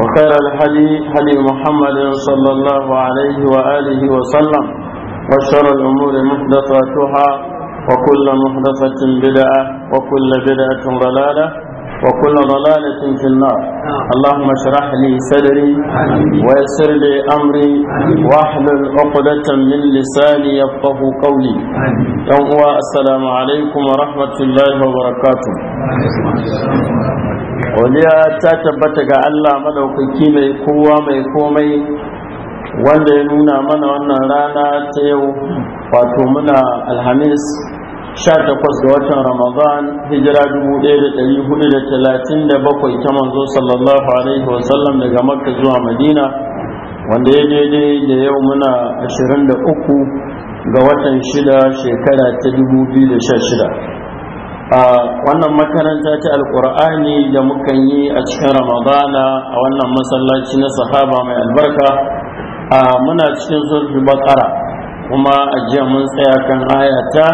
وخير الحديث حديث محمد صلى الله عليه وآله وسلم وشر الأمور محدثاتها وكل محدثة بدعة وكل بدعة ضلالة وكل ضلالة في النار اللهم اشرح لي صدري ويسر لي أمري واحلل عقدة من لساني يفقه قولي يوم السلام عليكم ورحمة الله وبركاته وليا تتبت الله مدوكي مي قوة مي قومي wanda ya nuna mana wannan rana ta yau wato muna alhamis 18 ga watan Ramadan hijira 1437 ta manzo sallallahu alaihi wasallam daga Makka zuwa Madina wanda ya daidai da yau muna 23 ga watan 6 shekara ta 2016 a wannan makaranta ta alkur'ani da muka yi a cikin ramadana a wannan masallaci na sahaba mai albarka a muna cikin zurfi bakara kuma a jiya mun tsaya kan ayata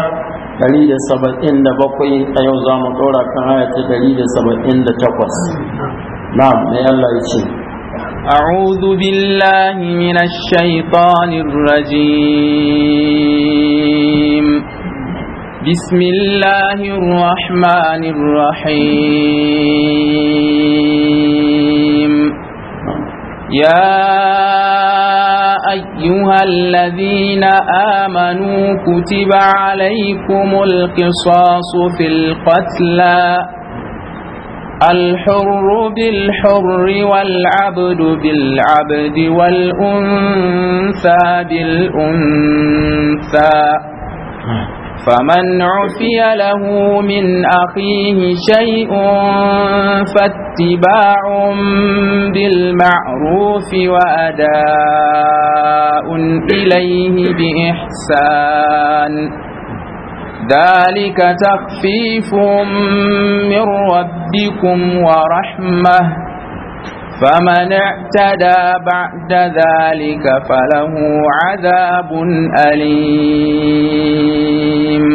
177 a yau za mu ɗora kan haya ta 178 na'am mai Allah ya ce أعوذ بالله من الشيطان الرجيم بسم الله الرحمن الرحيم يا أيها الذين آمنوا كتب عليكم القصاص في القتلى الحر بالحر والعبد بالعبد والأنثى بالأنثى نعم. فمن عفي له من أخيه شيء فاتباع بالمعروف وأداء إليه بإحسان ذلك تخفيف من ربكم ورحمه فمن اعتدى بعد ذلك فله عذاب أليم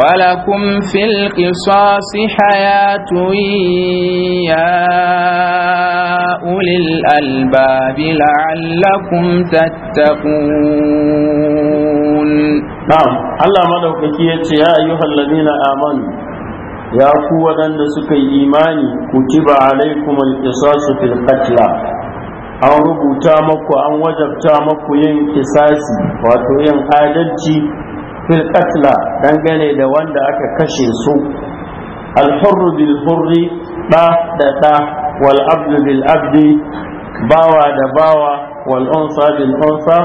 ولكم في القصاص حياة يا أولي الألباب لعلكم تتقون نعم الله ملوك يا أيها الذين آمنوا ya ku waɗanda suka yi imani ku alaikum al-qisasu fil qatla an rubuta maku an wajabta maku yin kisasi wato yin adalci fil qatla dangane da wanda aka kashe su al-hurru bil hurri da da da wal bil bawa da bawa wal unsa bil unsa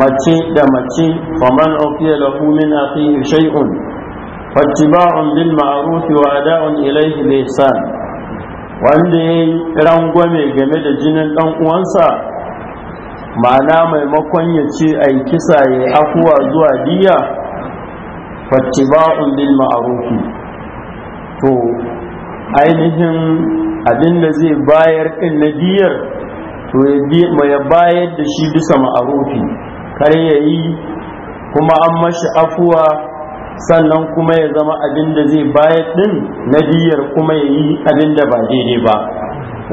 mace da mace faman ufiya lahu min akhihi shay'un واتباع بالمعروف واداء اليه باحسان wanda ya yi rangwame game da jinin ɗan uwansa ma'ana maimakon ya ce a yi kisa ya yi afuwa zuwa diya fattiba'un bil ma'arufi to ainihin abin da zai bayar ɗin na diyar to ya bayar da shi bisa ma'arufi kar ya yi kuma an mashi afuwa sannan kuma ya zama abin da zai bayar din na diyar kuma ya yi abin da ba daidai ba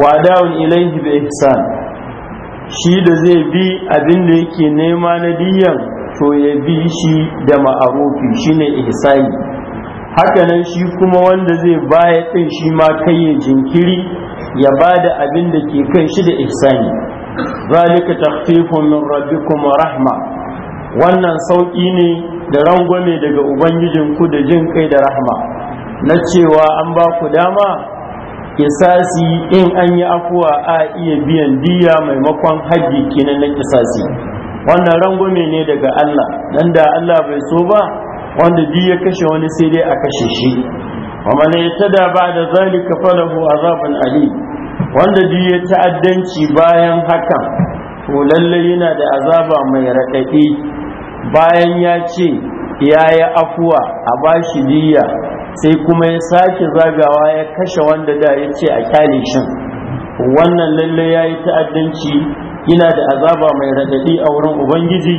wa da'un ilaihi bi ihsan shi da zai bi abin da yake nema na diyan to ya bi shi da ma'arufi shine ihsani hakanan shi kuma wanda zai baya din shi ma kai ya jinkiri ya bada da abin da ke kan shi da ihsani zalika takhfifun min rabbikum wa rahma wannan sauki ne da rangwame daga ubangijinku da jin kai da rahama na cewa an ba ku dama kisasi in an yi afuwa a iya biyan diya maimakon haji kenan na kisasi wannan rangwame ne daga Allah dan da Allah bai so ba wanda biyu ya kashe wani sai dai a kashe shi wa da yatada ba'da zalika falahu azabun ali wanda biyu ya ta'addanci bayan hakan to lallai yana da azaba mai raɗaɗi bayan ya ce ya yi afuwa a bashi diya sai kuma ya sake zagawa ya kashe wanda da ya ce a kyale shin wannan lalle ya yi ta'addanci yana da azaba mai raɗaɗi a wurin ubangiji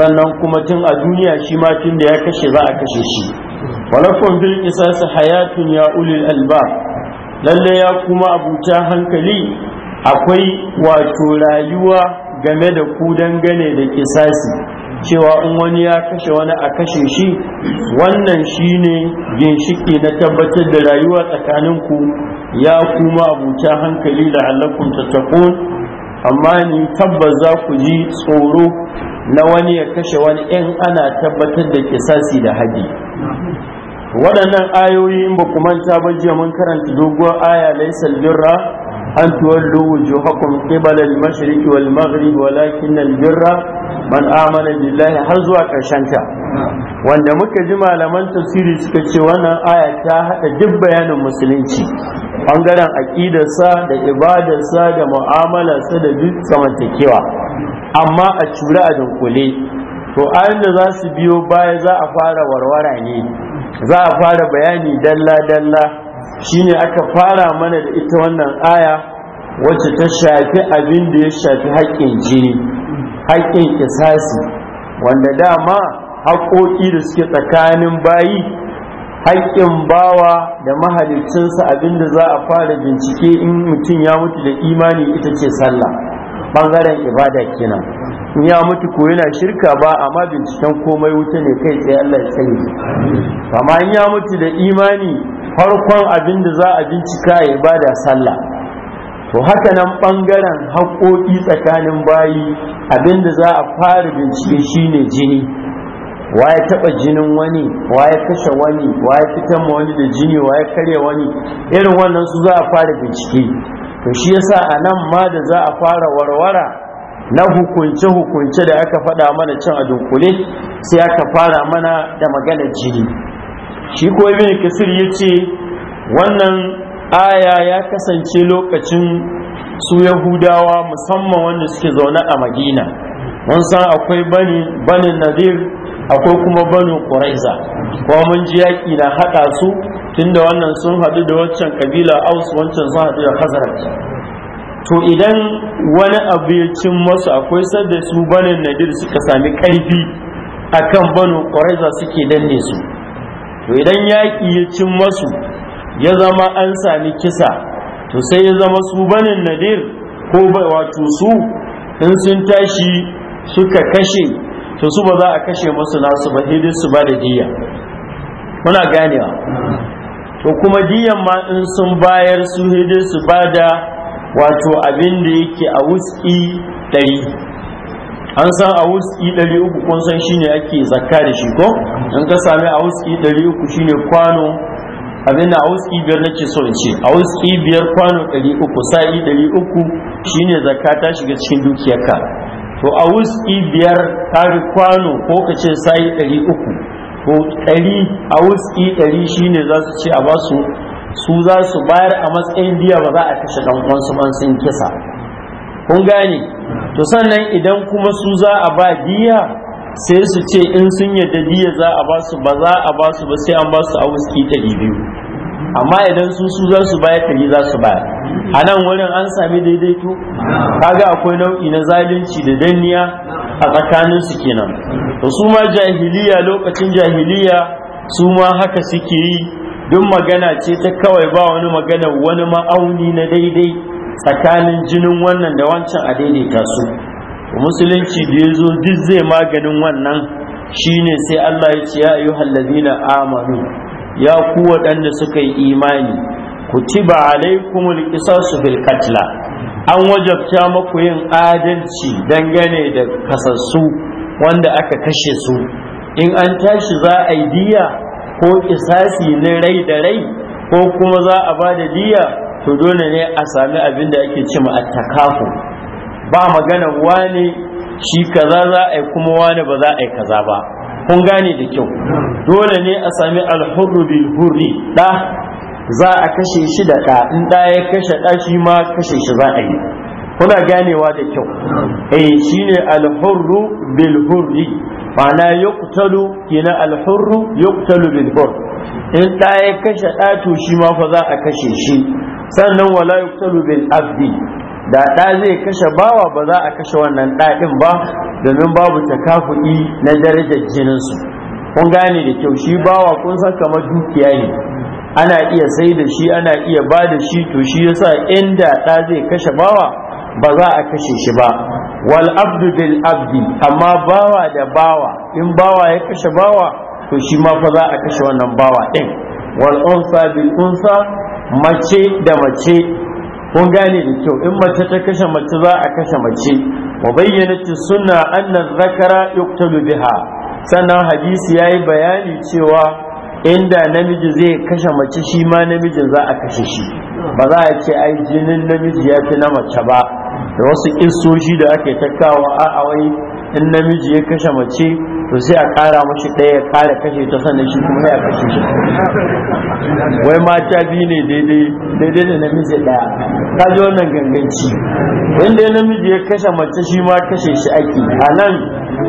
sannan kuma tun a duniya shi ma tun da ya kashe za a kashe shi walakon bil isasi hayatun ya ulil alba lalle ya kuma abuta hankali akwai wato rayuwa game da ku dangane da kisasi cewa in wani ya kashe wani a kashe shi wannan shi ne ginshiki na tabbatar da rayuwa tsakaninku ya kuma abuta hankali da halakun tattakun amma ni tabbas za ku ji tsoro na wani ya kashe wani in ana tabbatar da kisasi da haɗi waɗannan ayoyi ba ku manta ba jiya mun karanta doguwar aya laisal birra أن تولوا وجوهكم قبل المشرق والمغرب ولكن البر lillahi har zuwa حزوا كشنتا wanda muka ji malaman tafsiri suka ce wannan aya ta haɗa duk bayanin musulunci ɓangaren aƙidarsa da ibadarsa da mu'amalarsa da duk samantakewa amma a cura a dunkule to ayin da za su biyo baya za a fara warwara ne za a fara bayani dalla-dalla ne aka fara mana da ita wannan aya wacce ta shafi abin da ya shafi haƙƙin jini haƙƙin kisasi wanda dama haƙoƙi da suke tsakanin bayi haƙƙin bawa da mahalicinsa abin da za a fara bincike in mutum ya mutu da imani ita ce sallah bangaren ibada kenan in ya mutu ko yana shirka ba amma binciken komai wuta ne kai tsaye Allah ya sani amma in ya mutu da imani farkon abin da za a bincika a ibada sallah to haka nan bangaren haƙoƙi tsakanin bayi abin da za a fara bincike shine jini wa ya taba jinin wani wa ya kashe wani wa ya fitar ma wani da jini wa ya karya wani irin wannan su za a fara bincike to shi yasa a nan ma da za a fara warwara na hukunce-hukunce da aka faɗa mana can a dunkule sai aka fara mana da magana jini shi ko ibn kasir ya ce wannan aya ya kasance lokacin su yahudawa musamman wanda suke zaune a madina mun san akwai banin nadir akwai kuma banin ƙuraiza kuma mun ji yaƙi na haɗa su tunda wannan sun hadu da waccan kabila aus wancan sun hadu da hazara to idan wani abu ya cin masu akwai sadda su banin nadir suka sami karfi akan banu ƙwaraiza suke danne su to idan yaƙi ya cin masu ya zama an sami kisa to sai ya zama su banin nadir ko wato su in sun tashi suka kashe to su ba za a kashe masu nasu ba sai su ba da diya muna ganewa ko kuma diyan ma in sun bayar su hidin su bada wato abin da yake a wuski ɗari an san a wuski ɗari uku kun san shine ake zakka da shi ko in ka sami a wuski ɗari uku shine kwano abin da a wuski biyar na ce son ce a wuski biyar kwano ɗari uku sa'i ɗari uku shine zakka ta shiga cikin dukiyarka to a wuski biyar kari kwano ko ka ce sa'i ɗari uku to ɗari a wutsi e ɗari shine za su ce a ba su su za su bayar a matsayin biya ba za a kashe ɗan uwansu ban sun kisa kun gane to sannan idan kuma su za a ba biya sai su ce in sun yadda biya za a ba su ba za a ba su ba sai an ba su a wutsi e ɗari biyu amma idan su su za su bayar tari za su bayar a nan wurin an sami daidaito kaga akwai nau'i na zalunci da danniya a tsakanin su kenan to su ma jahiliya lokacin jahiliya su ma haka suke yi duk magana ce ta kawai ba wani magana wani ma'auni na daidai tsakanin jinin wannan da wancan a daidaita su musulunci da ya zo duk zai maganin wannan shine sai Allah ya ce ya ayyuhallazina amanu ya ku waɗanda suka yi imani Ku ci ba alaikumul qisasu bil katla an wajabta maku yin adalci dangane da kasassu wanda aka kashe su in an tashi za a yi diya ko kisasi na rai da rai ko kuma za a ba da diya to dole ne a sami abin da ake ce ma attakafu ba magana wane shi kaza za a yi kuma wane ba za a yi kaza ba kun gane da kyau dole ne a sami alhurru bil hurri da za a kashe shi da ɗa in ɗa ya kashe ɗa shi ma kashe shi za a yi kuna ganewa da kyau eh shine alhurru bil hurri ma'ana yuqtalu kina alhurru yuqtalu bil hurr in ɗa ya kashe ɗa to shi ma fa za a kashe shi sannan wala yuqtalu bil abdi da ɗa zai kashe bawa ba za a kashe wannan ɗaɗin ba domin babu takafuɗi na darajar jininsu kun gane da kyau shi bawa kun san kamar dukiya ne ana iya sai da shi ana iya ba da shi to shi yasa inda ɗa zai kashe bawa ba za a kashe shi ba wal abdu bil abdi amma bawa da bawa in bawa ya kashe bawa to shi ma fa za a kashe wannan bawa ɗin wal unsa bil unsa mace da mace kun gane da kyau in mace ta kashe mace za a kashe mace wa bayyana suna anna zakara yuqtalu biha sannan hadisi yi bayani cewa inda namiji zai kashe mace shi ma namijin za a kashe shi ba za a ce ai jinin namiji ya fi na mace ba da wasu kissoshi da ake takawa a'a a wai in namiji ya kashe mace to sai a ƙara mashi ɗaya ya ƙara kashe ta sannan shi kuma ya kashe shi wai mata biyu ne daidai da namiji ɗaya ka ji wannan ganganci wanda ya namiji ya kashe mace shi ma kashe shi ake a nan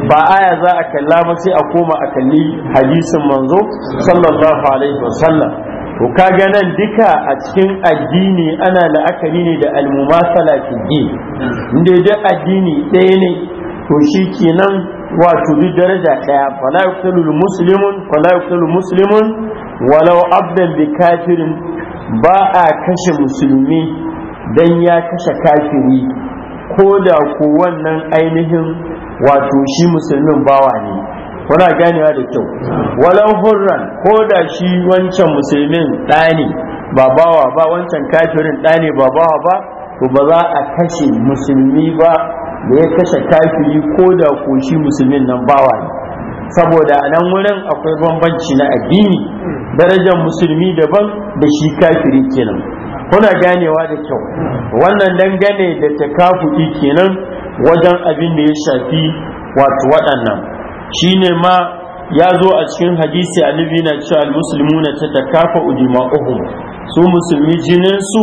ba aya za a kalla ba sai a koma a kalli hadisin manzo sallallahu alaihi wasallam to kaga nan duka a cikin addini ana la'akari ne da almumasala fi din inda addini ɗaya ne to shi kenan wato duk daraja daya fala yuqtalu muslimun fala yuqtalu muslimun walau abdan bi kafirin ba a kashe musulmi dan ya kashe kafiri ko da ko wannan ainihin wato shi musulmin bawa ne kuna ganewa da kyau walau hurran ko da shi wancan musulmin dani ba bawa ba wancan kafirin dani ba bawa ba to ba za a kashe musulmi ba da ya kashe kafiri ko da koshi musulmin nan bawa ne saboda a nan wurin akwai bambanci na addini darajar musulmi daban da shi kafiri kenan kuna ganewa da kyau wannan dangane da ɗi kenan wajen abin da ya shafi wato waɗannan Shi ne ma ya zo a cikin hadisi annabi na cewa na ta takafa udima'uhum su musulmi jinin su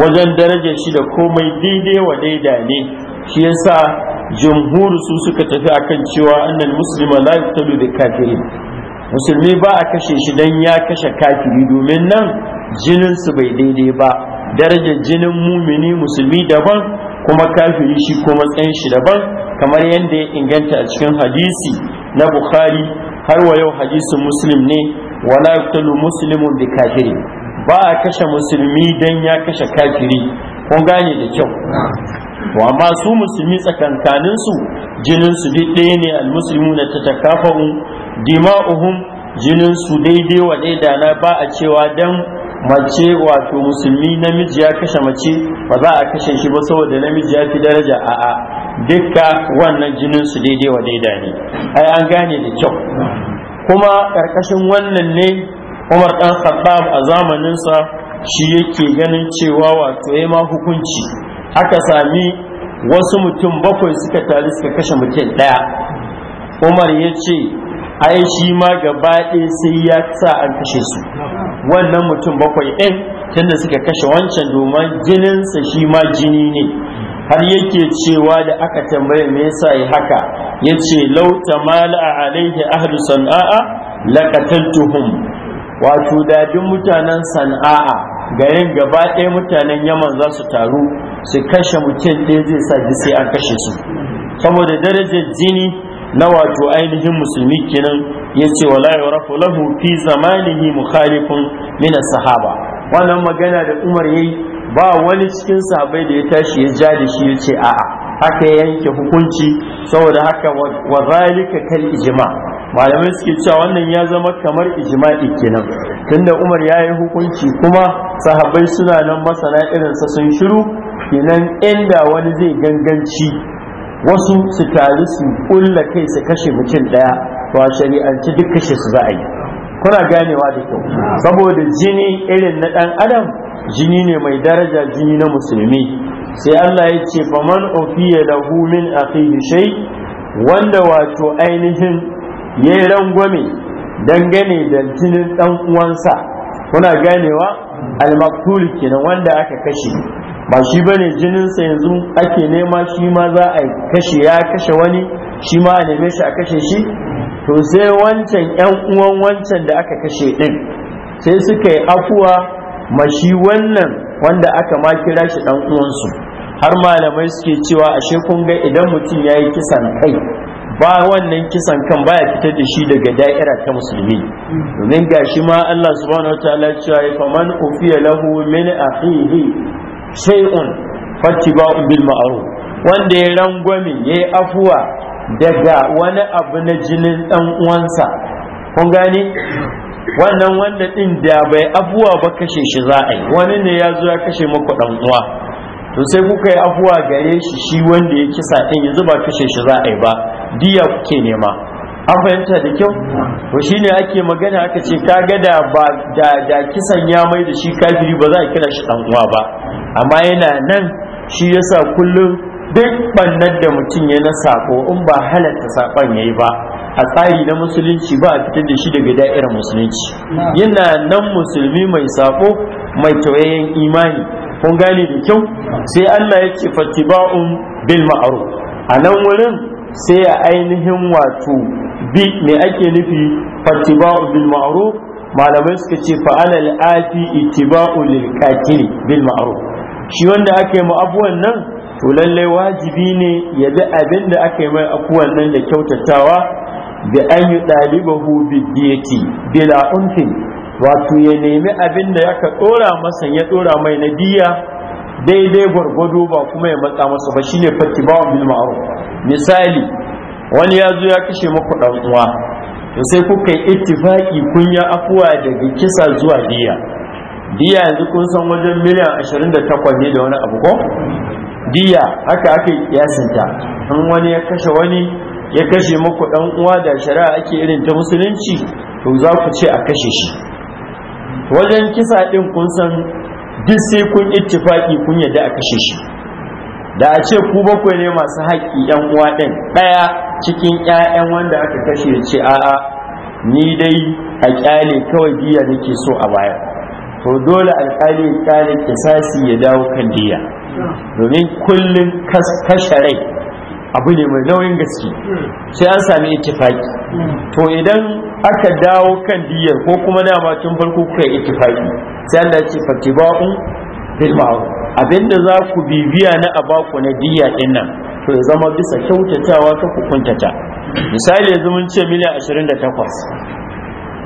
wajen darajar shi da komai daidai wa daida ne shi yasa jumhuri su suka tafi akan cewa annal muslima la yuqtalu bi kafiri musulmi ba a kashe shi dan ya kashe kafiri domin nan jinin su bai daidai ba darajar jinin mumini musulmi daban kuma kafiri shi ko matsayin shi daban kamar yadda ya inganta a cikin hadisi na bukhari har wa yau hadisin muslim ne wala yuqtalu muslimun bi kafiri. ba a kashe musulmi dan ya kashe kafiri kun gane da kyau wa amma su musulmi tsakankanin su jinin su dai ɗaya ne almuslimuna tatakafu dima'uhum jinin su daidai wa da na ba a cewa dan mace wato musulmi namiji ya kashe mace ba za a kashe shi ba saboda namiji ya fi daraja a dukka wannan jinin su daidai wa daida ne ai an gane da kyau kuma karkashin wannan ne Umar dan Khattab a zamaninsa shi yake ganin cewa wato ya ma hukunci aka sami wasu mutum bakwai suka tare suka kashe mutum ɗaya umar ya ce ai shi ma gaba sai ya sa an kashe su wannan mutum bakwai ɗin tunda suka kashe wancan domin jininsa shi ma jini ne har yake cewa da aka tambaye me yasa yi haka ya ce lau tamala alaihi ahlu sana'a tuhum. wato dadin mutanen sana'a garin gaba ɗaya mutanen yaman za su taru su kashe mutum ɗaya zai sa ji sai an kashe su saboda darajar jini na wato ainihin musulmi kenan ya ce wala ya rafu lahu fi zamanihi mukhalifun min sahaba wannan magana da umar yayi ba wani cikin sahabai da ya tashi ya ja da shi ya ce a'a haka ya yanke hukunci saboda haka wa zalika kal ijma' malamai suke cewa wannan ya zama kamar ijma'i kenan tunda umar ya yi hukunci kuma sahabbai suna nan masana sa sun shiru kenan inda wani zai ganganci wasu su taru su kulla kai su kashe mutum daya to a shari'anci duk kashe su za a yi kuna ganewa da kyau saboda jini irin na dan adam jini ne mai daraja jini na musulmi sai Allah ya ce faman ofiya lahu min akhihi shay wanda wato ainihin ya yi rangwame dangane da jinin ɗan uwansa kuna ganewa almaktuli kenan wanda aka kashe ba shi ba ne jininsa yanzu ake nema shi ma za a kashe ya kashe wani shi ma a neme shi a kashe shi to sai wancan yan uwan wancan da aka kashe ɗin sai suka yi afuwa ma shi wannan wanda aka ma kira shi ɗan uwansu har malamai suke cewa ashe kun ga idan mutum ya yi kisan kai ba wannan kisan kan baya fitar da shi daga da'ira ta musulmi domin shi ma Allah subhanahu wataala cewa fa man ufiya lahu min akhihi shay'un fattiba'un bil ma'ruf wanda ya rangwame yayi afuwa daga wani abu na jinin dan uwansa kun gani wannan wanda din da bai afuwa ba kashe shi za a yi wani ne ya zo ya kashe maku dan uwa to sai kuka yi afuwa gare shi shi wanda ya kisa din yanzu ba kashe shi za a yi ba diya kuke nema an fahimta da kyau to shine ake magana aka ce ka ga da ba da da kisan ya mai da shi kafiri ba za a kira shi dan uwa ba amma yana nan shi yasa kullum duk bannar da mutum ya na sako in ba halatta sakon yayi ba a tsari na musulunci ba a fitar da shi daga da'irar musulunci yana nan musulmi mai sako mai tawayen imani kun gane da kyau sai Allah ya ce fatiba'un bil ma'ruf a nan wurin sai a ainihin wato bi me ake nufi fattiba'u bil ma'ruf malamai suka ce fa'ala afi ittiba'u lil qatili bil ma'ruf shi wanda aka yi mu abuwan nan to lalle wajibi ne ya bi abin da aka yi mai abuwan nan da kyautatawa bi an yi bi diyati bila unfin wato ya nemi abin da ka ɗora masa ya ɗora mai na daidai gwargwado ba kuma ya matsa masa ba shine ba bil ma'ruf misali wani ya zo ya kashe muku dan uwa to sai kuka yi ittifaki kun ya afuwa daga kisa zuwa diya diya yanzu kun san wajen miliyan 28 ne da wani abu ko diya haka aka yi kiyasinta in wani ya kashe wani ya kashe muku dan uwa da shari'a ake irin ta musulunci to za ku ce a kashe shi wajen kisa ɗin kun san duk sai kun ittifaki kun yadda a kashe shi da a ce ku bakwai ne masu haƙƙi yan uwa ɗin ɗaya cikin ƴaƴan wanda aka kashe ya ce a'a ni dai a ƙyale kawai diya nake so a baya to dole alƙali ya ƙyale kisasi ya dawo kan diya domin kullum kashe rai abu ne mai nauyin gaske sai an sami ittifaki to idan aka dawo kan diyar ko kuma dama tun farko kuka yi ittifaki sai Allah ce fatiba'un bil ma'ruf abinda za ku bibiya na abaku na diyya din nan to ya zama bisa kyautatawa ka ku kuntata misali yanzu mun ce miliyan takwas,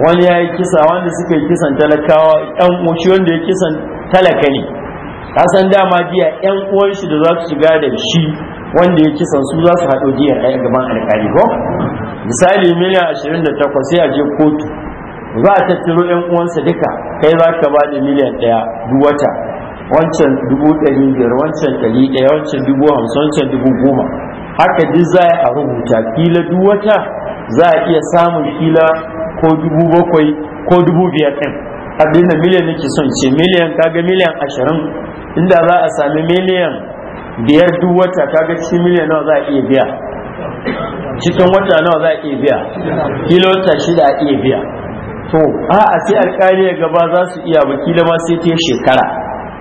wani ya yi kisa wanda suka yi kisan talakawa yan ushi wanda ya kisan talaka ne Ka san dama diya yan uwan da za su shiga da shi wanda ya kisan su za su haɗo diyar a gaban alƙali ko misali miliyan ashirin da takwas sai a je kotu za a tattaro yan uwansa duka kai za ka ba da miliyan ɗaya duk wata wancan dubu ɗari biyar wancan ɗari ɗaya wancan dubu hamsin wancan dubu goma haka duk za a rubuta kila duk wata za a iya samun kila ko dubu bakwai ko dubu biyar ɗin abinda miliyan nake son ce miliyan kaga miliyan ashirin inda za a sami miliyan biyar duk wata kaga cikin miliyan nawa za a iya biya cikin wata nawa za a iya biya kilota shida a iya biya to a a sai alkali ya gaba za su iya ba kila ma sai ta shekara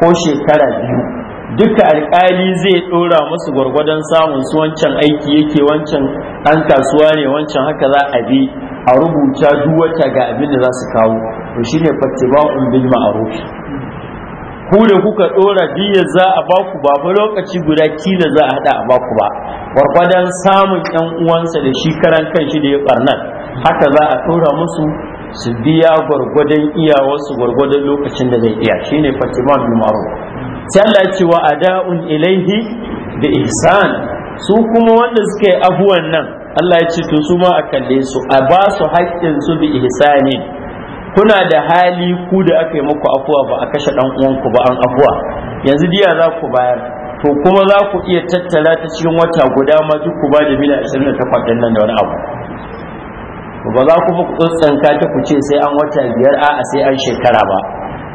ko shekara biyu duka alkali zai dora musu gwargwadon samun su wancan aiki yake wancan an kasuwa ne wancan haka za a bi a rubuta duk wata ga abin da za su kawo to shine fatiba bil ma'ruf ku da kuka dora diyar za a baku ba ba lokaci guda kila za a hada a baku ba gwargwadon samun yan uwansa da shi karan kan shi da ya barnan haka za a dora musu su biya gwargwadon iyawarsu gwargwadon lokacin da zai iya shine fatiman bin maruf sai ce wa ada'un ilaihi da ihsan su kuma wanda suka yi abuwan nan Allah ya ce to su ma a kalle su a ba su haƙƙin su bi ihsani kuna da hali ku da aka yi muku afuwa ba a kashe dan uwanku ba an afuwa yanzu diya za ku bayar to kuma za ku iya tattala ta cikin wata guda ma duk ku ba da miliyan 28 din nan da wani abu ba za ku ku tsanka ta ku ce sai an wata biyar a a sai an shekara ba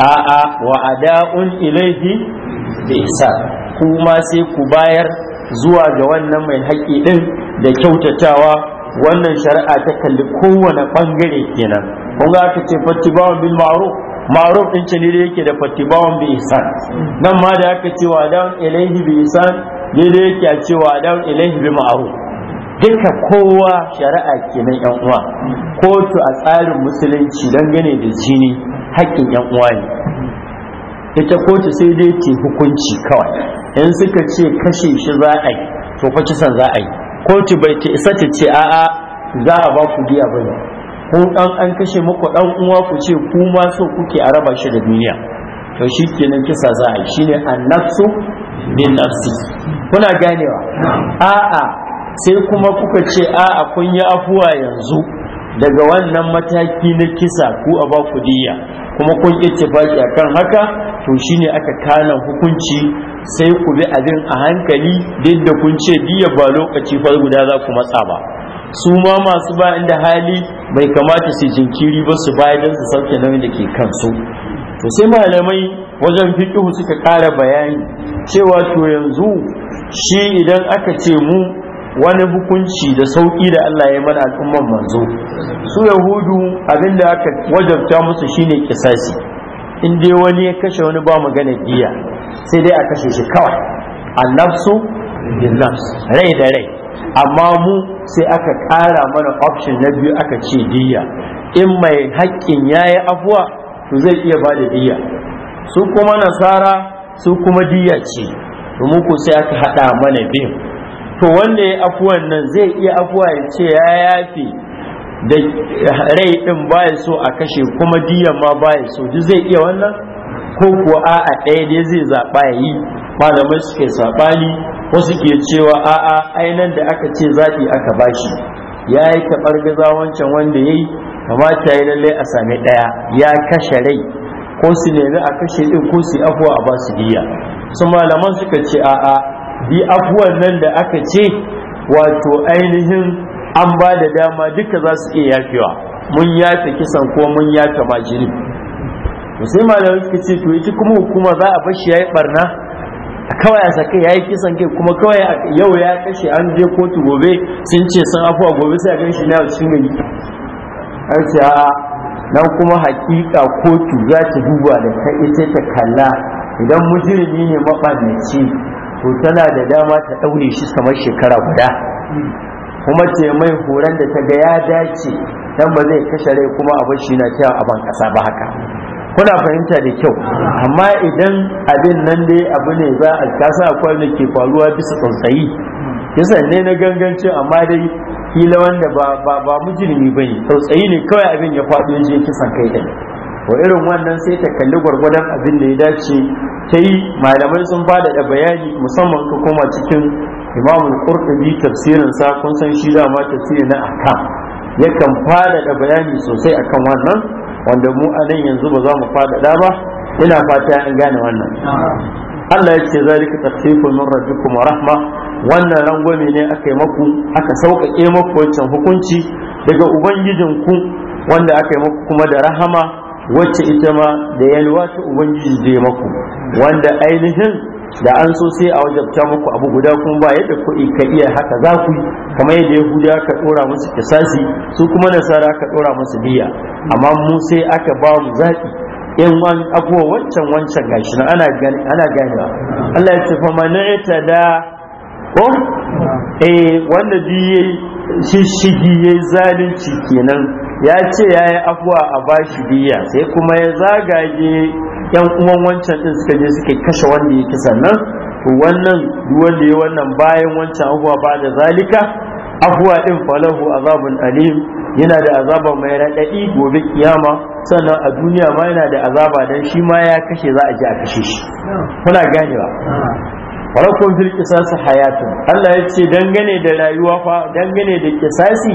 a a wa ada'un ilaihi bi isa kuma sai ku bayar zuwa ga wannan mai haƙƙi din da kyautatawa wannan shari'a ta kalli kowane bangare kenan kun ga aka ce fattibawan bil ma'ruf ma'ruf din ce ne da yake da fattibawan bi ihsan nan ma da aka ce wa dan ilaihi bi ihsan ne da yake a ce wa dan ilaihi bi ma'ruf duka kowa shari'a kenan yan uwa kotu a tsarin musulunci dangane da jini haƙƙin yan uwa ne ita kotu sai dai ce hukunci kawai in suka ce kashe shi za a yi to fa kisan za a yi kotu bai ta isa ta ce a'a za a ba ku biya bane ko dan an kashe muku dan uwa ku ce ku ma so kuke a raba shi da duniya to shi kenan kisa za a yi shine annafsu bin nafsi kuna ganewa a'a sai kuma kuka ce a'a kun yi afuwa yanzu daga wannan mataki na kisa ku a ba ku diya kuma kun baki akan haka to shine aka kana hukunci sai ku bi abin a hankali duk da kun ce diya ba lokaci far guda za ku matsa ba su ma masu ba inda hali bai kamata su jinkiri ba su bayar don su sauke nauyin da ke kansu to sai malamai wajen fiƙihu suka ƙara bayani cewa to yanzu shi idan aka ce mu wani hukunci da sauƙi da Allah ya mana al'umman manzo su yahudu abin da aka wajabta musu shine kisasi in dai wani ya kashe wani ba magana diya sai dai a kashe shi kawai annafsu bin rai da rai amma mu sai aka ƙara mana option na biyu aka ce diya in mai haƙƙin yi afuwa to zai iya ba da diya su kuma nasara su kuma diya ce domin ko sai aka haɗa mana biyu to wanda ya afuwan nan zai iya afuwa ya ce ya yafi da rai din baya so a kashe kuma diyan ma baya so zai iya wannan ko kuwa a'a ɗaya dai zai zaɓa ya yi malamai suke saɓani wasu ke cewa a'a ainihin da aka ce zaɓi aka bashi ya yi taɓar gaza wancan wanda ya yi kamata ya lallai a sami ɗaya ya kashe rai ko su nemi a kashe ɗin ko su afuwa a basu diya su malaman suka ce a'a bi afuwan nan da aka ce wato ainihin an ba da dama duka za su iya yafewa mun yafe kisan ko mun yafe majini to sai malamai suka ce to ita kuma hukuma za a bashi yayi barna kawai a sake yayi kisan kai kuma kawai yau ya kashe an je kotu gobe sun ce sun afuwa gobe sai a ganshi na cikin gari an ce a nan kuma hakika kotu za ta duba da ta ita ta kalla idan mujirimi ne mabannaci to tana da dama ta daure shi kamar shekara guda kuma ce mai horon da ta ga ya dace dan ba zai kashe rai kuma a bashi shi na cewa a ban kasa ba haka kuna fahimta da kyau amma idan abin nan dai abu ne za a kasa akwai da ke faruwa bisa tsautsayi yasa ne na gangance amma dai kila wanda ba ba ba mujrimi bane tsautsayi ne kawai abin ya faɗo ya je kisan kai ɗin Ko irin wannan sai ta kalli gwargwadon abin da ya dace ta yi malamai sun bada da bayani musamman ka koma cikin imamul qurtubi tafsirin sa kun san shi dama tafsiri na akam yakan fada da bayani sosai akan wannan wanda mu a nan yanzu ba za mu faɗaɗa ba ina fata an gane wannan Allah ya ce zalika tafsirun min rabbikum wa rahma wannan rangwame ne aka maku aka sauƙaƙe maku wancan hukunci daga ubangijin ku wanda aka maku kuma da rahama wacce ita ma da yalwa ta ubangiji zai maku wanda ainihin da an so sai a wajabta muku abu guda kuma ba yadda kuɗi ka iya haka za ku yi kamar yadda yahuda ka ɗora musu kisasi su kuma nasara ka ɗora musu biya amma mu sai aka ba mu zaɓi in wani abuwa wancan wancan gashi na ana ba. Allah ya ce fa mana'ita da ko eh wanda biye shishigi yayi zalunci kenan ya ce yayi abuwa a bashi biya sai kuma ya zagaye yan uwan wancan din suka je suka kashe wanda ya kisa sannan to wannan wanda ya wannan bayan wancan abuwa ba da zalika afuwa din falahu azabun alim yana da azaba mai raɗaɗi gobe kiyama sannan a duniya ma yana da azaba dan shi ma ya kashe za a je a kashe shi kuna ganewa farakon fil kisasi hayatun Allah ya ce dangane da rayuwa fa dangane da kisasi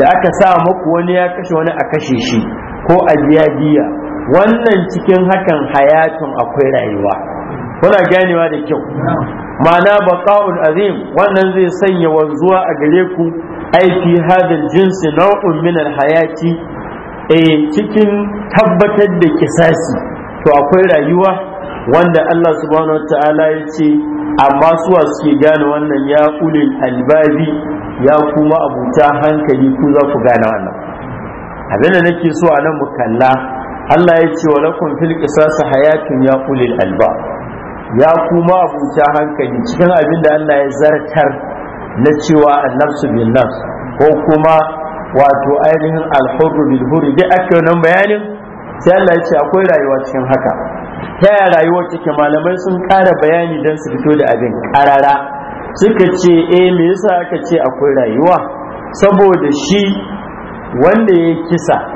da aka sa maku wani ya kashe wani a kashe shi ko a biya biya wannan cikin hakan hayatun akwai rayuwa kuna ganewa da kyau ma'ana baqa'ul azim wannan zai sanya wanzuwa a gare ku aiki hadal jinsi nau'un min hayati eh cikin tabbatar da kisasi to akwai rayuwa wanda Allah subhanahu ta'ala ya ce amma suwa suke gane wannan ya ulil albabi ya kuma abuta hankali ku za ku gane wannan abinda nake so a nan mu kalla Allah ya ce wa lakum fil qisas hayatun ya qulil alba ya kuma abuta hankali cikin abin da Allah ya zartar na cewa annabsu bin nafs ko kuma wato ainihin alhurru bil hurri da ake nan bayanin sai Allah ya ce akwai rayuwa cikin haka ta yaya rayuwar malamai sun kara bayani don su fito da abin ƙarara suka ce eh me yasa aka ce akwai rayuwa saboda shi wanda ya kisa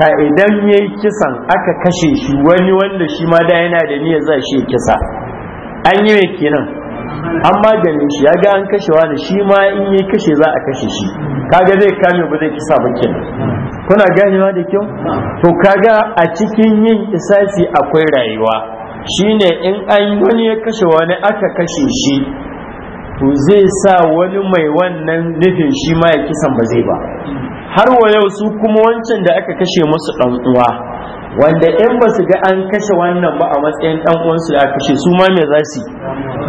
ka idan ya yi kisan aka kashe shi wani wanda shi ma da yana da niyyar za shi kisa an yi mai kenan an maganin shi ya ga an kashe wani shi ma in yi kashe za a kashe shi kaga zai kame ba zai kisa ba kenan kuna ganewa da kyau to kaga a cikin yin isasi akwai rayuwa shine in an wani ya kashe wani aka kashe shi to zai sa wani mai wannan nufin shi ma ya kisan ba zai ba har wa yau su kuma wancan da aka kashe musu dan uwa wanda in ba su ga an kashe wannan ba a matsayin dan uwansu da aka kashe su ma me za su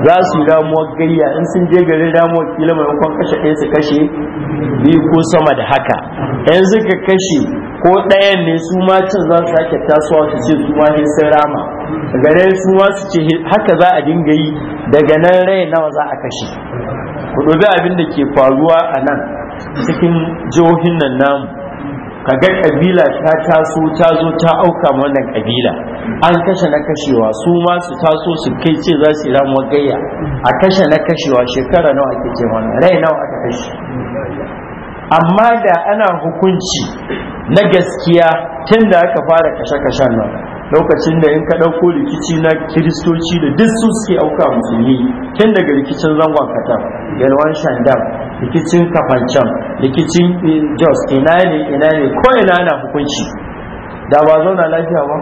za su gayya in sun je garin ramuwar kila kon kashe ɗaya su kashe biyu ko sama da haka in suka kashe ko ɗayan ne su ma can za su sake tasowa su ce su ma ne sun rama garin su ma su ce haka za a dinga yi daga nan rai nawa za a kashe ku dubi abin da ke faruwa a nan cikin jihohin nan namu ka ga kabila ta taso ta zo ta auka wannan kabila an kashe na kashewa su ma su taso su kai ce za su ramuwa gayya a kashe na kashewa shekara nawa ake ce wannan rai nawa aka kashe amma da ana hukunci na gaskiya tun da aka fara kashe-kashen nan lokacin da in ka ɗauko rikici na kiristoci da duk su suke auka musulmi tun daga rikicin zangon kata yalwan shandam rikicin kafancan rikicin eh, jos ina ne ina ne ko ina na hukunci da ba zauna lafiya ba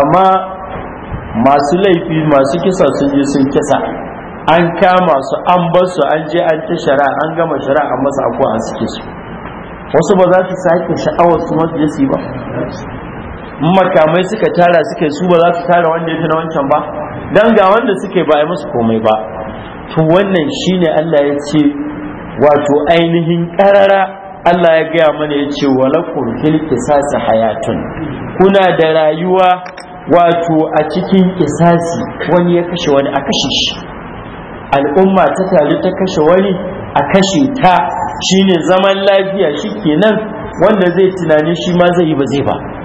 amma masu laifi masu kisa sun je sun kisa an kama su an bar su an je an ta shari'a an gama shari'a masa akwai an suke su wasu ba za su sake sha'awar su masu ba makamai suka tara suka su ba za su tara wanda ya fi na wancan ba dan ga wanda suke ba a musu komai ba to wannan shine Allah ya ce wato ainihin karara Allah ya gaya mana ya ce walakum fil qisasi hayatun kuna da rayuwa wato a cikin kisasi wani ya kashe wani a kashe shi al'umma ta taru ta kashe wani a kashe ta shine zaman lafiya shi kenan, wanda zai tunani shi ma zai yi ba zai ba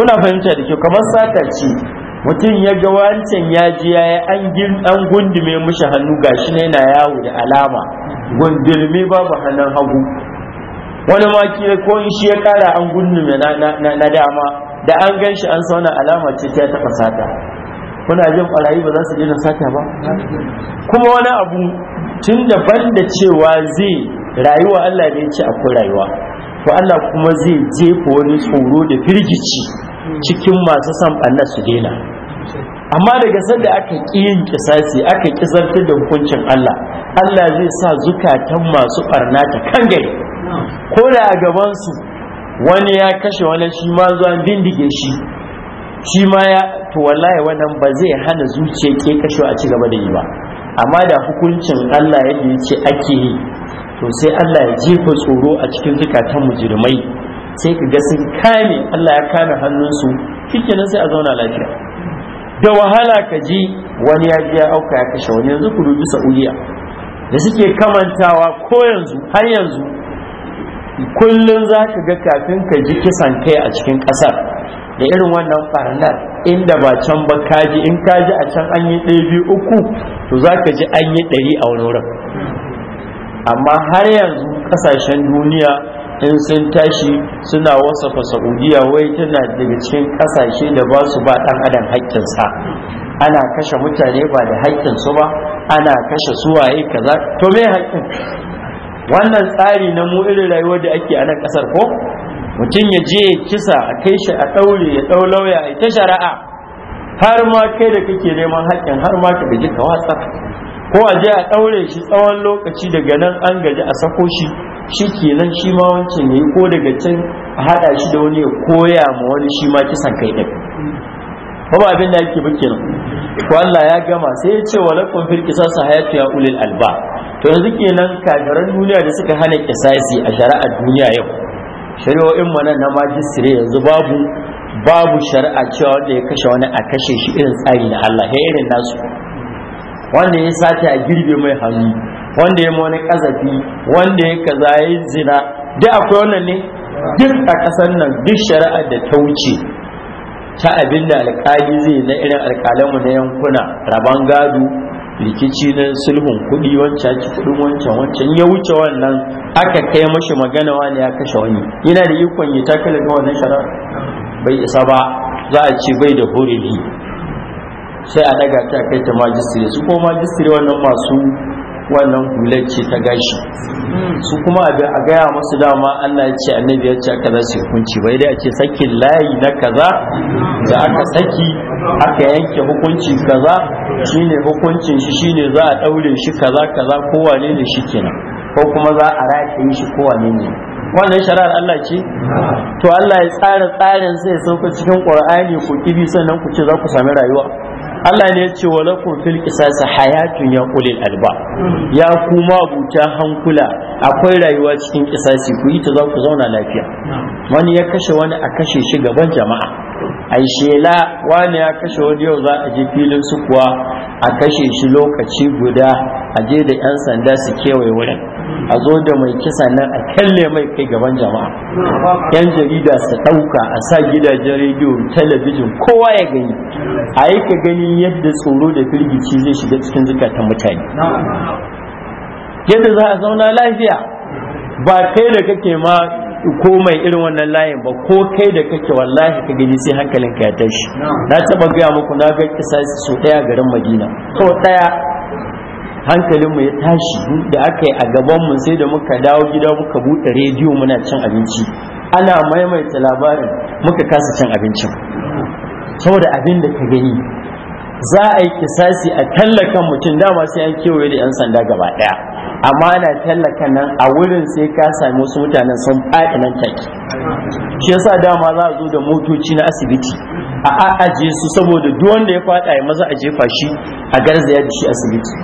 kuna fahimta da kyau kamar sata ce mutum ya ga wancan ya ji ya yi an gundume mishi hannu gashi ne yana yawo da alama gundulmi babu hannun hagu wani ma ko shi ya kara an gundume na dama da an gan shi an sauna alama ce ta taɓa sata kuna jin barayi ba za su daina sata ba kuma wani abu tun daban da cewa zai rayuwa Allah ne ce akwai rayuwa ko Allah kuma zai jefa wani tsoro da firgici cikin masu san ɓanna su daina amma daga sanda aka ƙi yin kisasi aka ƙi zartar da hukuncin Allah Allah zai sa zukatan masu ɓarna ta kangare ko da a gabansu wani ya kashe wani shi ma zuwa bindige shi shi ma ya to wallahi wannan ba zai hana zuciya ke kashe a ci gaba da yi ba amma da hukuncin Allah yadda ya ce ake yi to sai Allah ya jefa tsoro a cikin zukatan mujirmai sai ka ga sun kame Allah ya kame hannunsu shikenan sai a zauna lafiya da wahala ka ji wani ya ji ya auka ya kashe wani yanzu ku dubi Saudiya da suke kamantawa ko yanzu har yanzu kullum za ka ga kafin ka ji kisan kai a cikin ƙasar da irin wannan farnar inda ba can ba kaji in kaji a can an yi ɗaya biyu uku to za ka ji an yi ɗari a wani wurin amma har yanzu ƙasashen duniya in sun tashi suna wasafa saudiya wai tana daga cikin kasashe da ba su ba dan adam haƙƙinsa ana kashe mutane ba da haƙƙinsu ba ana kashe suwaye kaza to me haƙƙin wannan tsari na mu irin rayuwar da ake a nan ƙasar ko mutum ya je ya kisa a kai shi a ɗaure ya ɗau lauya a ta shari'a har ma kai da kake neman haƙƙin har ma ka gaji ka watsa ko a je a ɗaure shi tsawon lokaci daga nan an gaji a sako shi shi kenan shi ma wancan yayi ko daga can a haɗa shi da wani ya koya ma wani shi ma kisan kai ɗin ba abin da yake ba kenan ko Allah ya gama sai ya ce wa lakum fil qisas hayatu ya ulil alba to yanzu kenan kafiran duniya da suka hana kisasi a shari'ar duniya yau shari'o'in mu nan na majistire yanzu babu babu shari'a cewa wanda ya kashe wani a kashe shi irin tsari na Allah ya irin nasu wanda ya sace a girbe mai hannu wanda ya wani kazafi wanda ya kaza ya zina duk akwai wannan ne duk a ƙasar nan duk shari'ar da ta wuce ta abin da alƙali zai na irin alƙalanmu na yankuna raban gado rikici na sulhun kuɗi wancan ci kuɗin wancan wancan ya wuce wannan aka kai mashi magana wani ya kashe wani yana da ikon ya takala ga wannan shari'ar bai isa ba za a ce bai da hurumi sai a daga ta kai ta majistire su ko majistire wannan masu wannan hular ce ta gashi su kuma a gaya masu dama Allah ya ce annabi ya ce aka za su hukunci bai dai a ce sakin layi na kaza da aka saki aka yanke hukunci kaza shine hukuncin shi shine za a daure shi kaza kaza kowane ne shi kenan ko kuma za a rataye shi kowane ne wannan shari'ar Allah ce to Allah ya tsara tsarin sai sauka cikin Qur'ani ku kibi sannan ku ce za ku sami rayuwa Allah ne ya ce wa lakum fil qisas hayatun ya qulil alba ya kuma buta hankula akwai rayuwa cikin qisasi ku yi ta za ku zauna lafiya wani ya kashe wani a kashe shi gaban jama'a ai shela wani ya kashe wani yau za a je filin su kuwa a kashe shi lokaci guda a je da 'yan sanda su kewaye wurin a zo da mai kisa nan a kalle mai kai gaban jama'a 'yan jarida su ɗauka a sa gidajen rediyo talabijin kowa ya gani a yi ka gani yadda tsoro da firgici zai shiga cikin zukatan mutane yadda za a zauna lafiya ba kai da kake ma ko mai irin wannan layin ba ko kai da kake wallahi ka gani sai hankalin ka ya tashi na taba gaya muku na ga kisasi so daya garin madina ko daya hankalin mu ya tashi da aka yi a gaban mu sai da muka dawo gida muka buɗe rediyo muna cin abinci ana maimaita labarin muka kasa cin abincin saboda abin da ka gani za a yi kisasi a tallakan mutum dama sai an kewaye da 'yan sanda gaba daya amma ana tallaka nan a wurin sai ka sami wasu mutanen sun faɗi nan take shi yasa dama za a zo da motoci na asibiti a ajiye su saboda duk wanda ya faɗa ya maza a jefa shi a garzaya da shi asibiti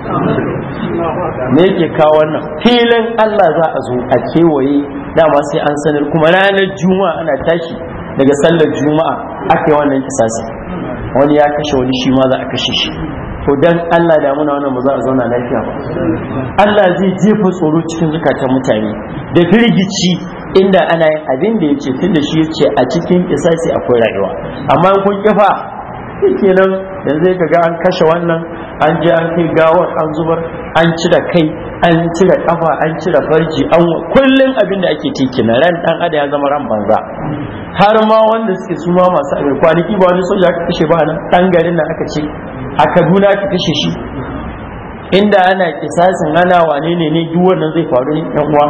me yake kawo wannan filin Allah za a zo a kewaye dama sai an sanar kuma ranar juma'a ana tashi daga sallar juma'a aka yi wannan kisasi wani ya kashe wani shi ma za a kashe shi to dan Allah da muna wannan ba za zauna lafiya ba Allah zai jefa tsoro cikin zukatan mutane da firgici inda ana yin abin da yace tunda shi yace a cikin isasi akwai rayuwa amma kun kifa kenan yanzu ka ga an kashe wannan an ji an kai gawar an zubar an ci da kai an ci da kafa an ci da farji an kullum abin da ake tiki na ran dan ada ya zama ran banza har ma wanda suke suma masu abin kwanaki ba wani soja aka kashe ba nan dan garin nan aka ce a Kaduna aka kashe shi inda ana kisasin ana wane ne ne duk wannan zai faru ne yan uwa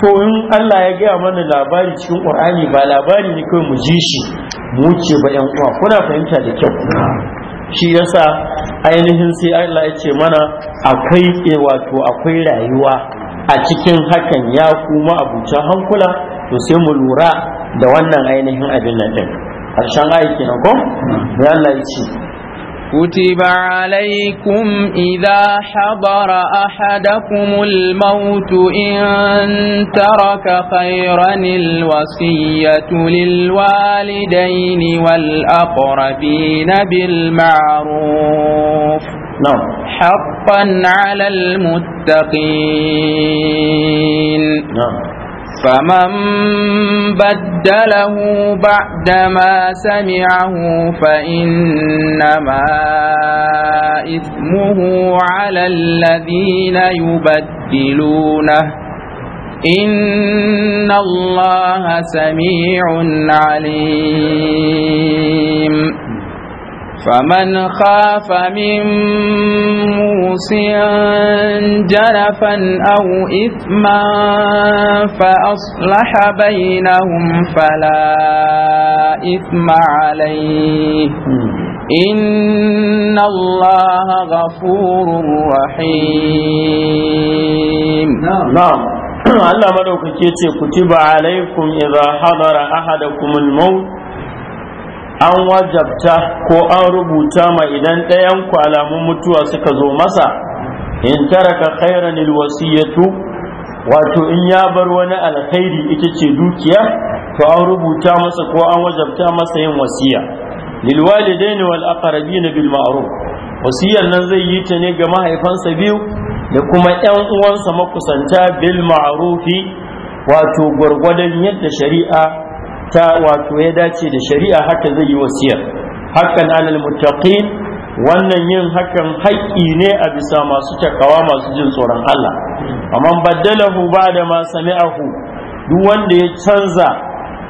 to in Allah ya gaya mana labari cikin Qur'ani ba labari ne kawai mu ji shi mu ce ba yan uwa kuna fahimta da kyau shi yasa ainihin sai Allah ya ce mana akwai eh, wato akwai rayuwa a cikin hakan ya kuma abuce hankula to sai mu lura da wannan ainihin abin nan din ƙarshen aiki na ko? Allah ya ce كتب عليكم إذا حضر أحدكم الموت إن ترك خيرا الوصية للوالدين والأقربين بالمعروف نعم حقا على المتقين نعم فمن بدله بعدما سمعه فإنما إثمه على الذين يبدلونه إن الله سميع عليم فمن خاف من موسى جرفا أو إثما فأصلح بينهم فلا إثم عليه إن الله غفور رحيم نعم نعم madaukake ce كتب عليكم إذا حضر أحدكم الموت an wajabta ko an rubuta ma idan ɗayan kwalamun mutuwa suka zo masa in taraka khairan wasiyatu wato in ya bar wani alkhairi ita ce dukiya to an rubuta masa ko an wajabta masa yin wasiya lil walidaini wal aqrabin bil ma'ruf wasiyar nan zai yi ta ne ga mahaifansa biyu da kuma ƴan uwansa makusanta bil ma'rufi wato gwargwadon yadda shari'a ta wato ya dace da shari'a haka zai yi wasiya hakan alal muttaqin wannan yin hakan haƙƙi ne a bisa masu takawa masu jin tsoron Allah amma baddalahu da ma sami'ahu duk wanda ya canza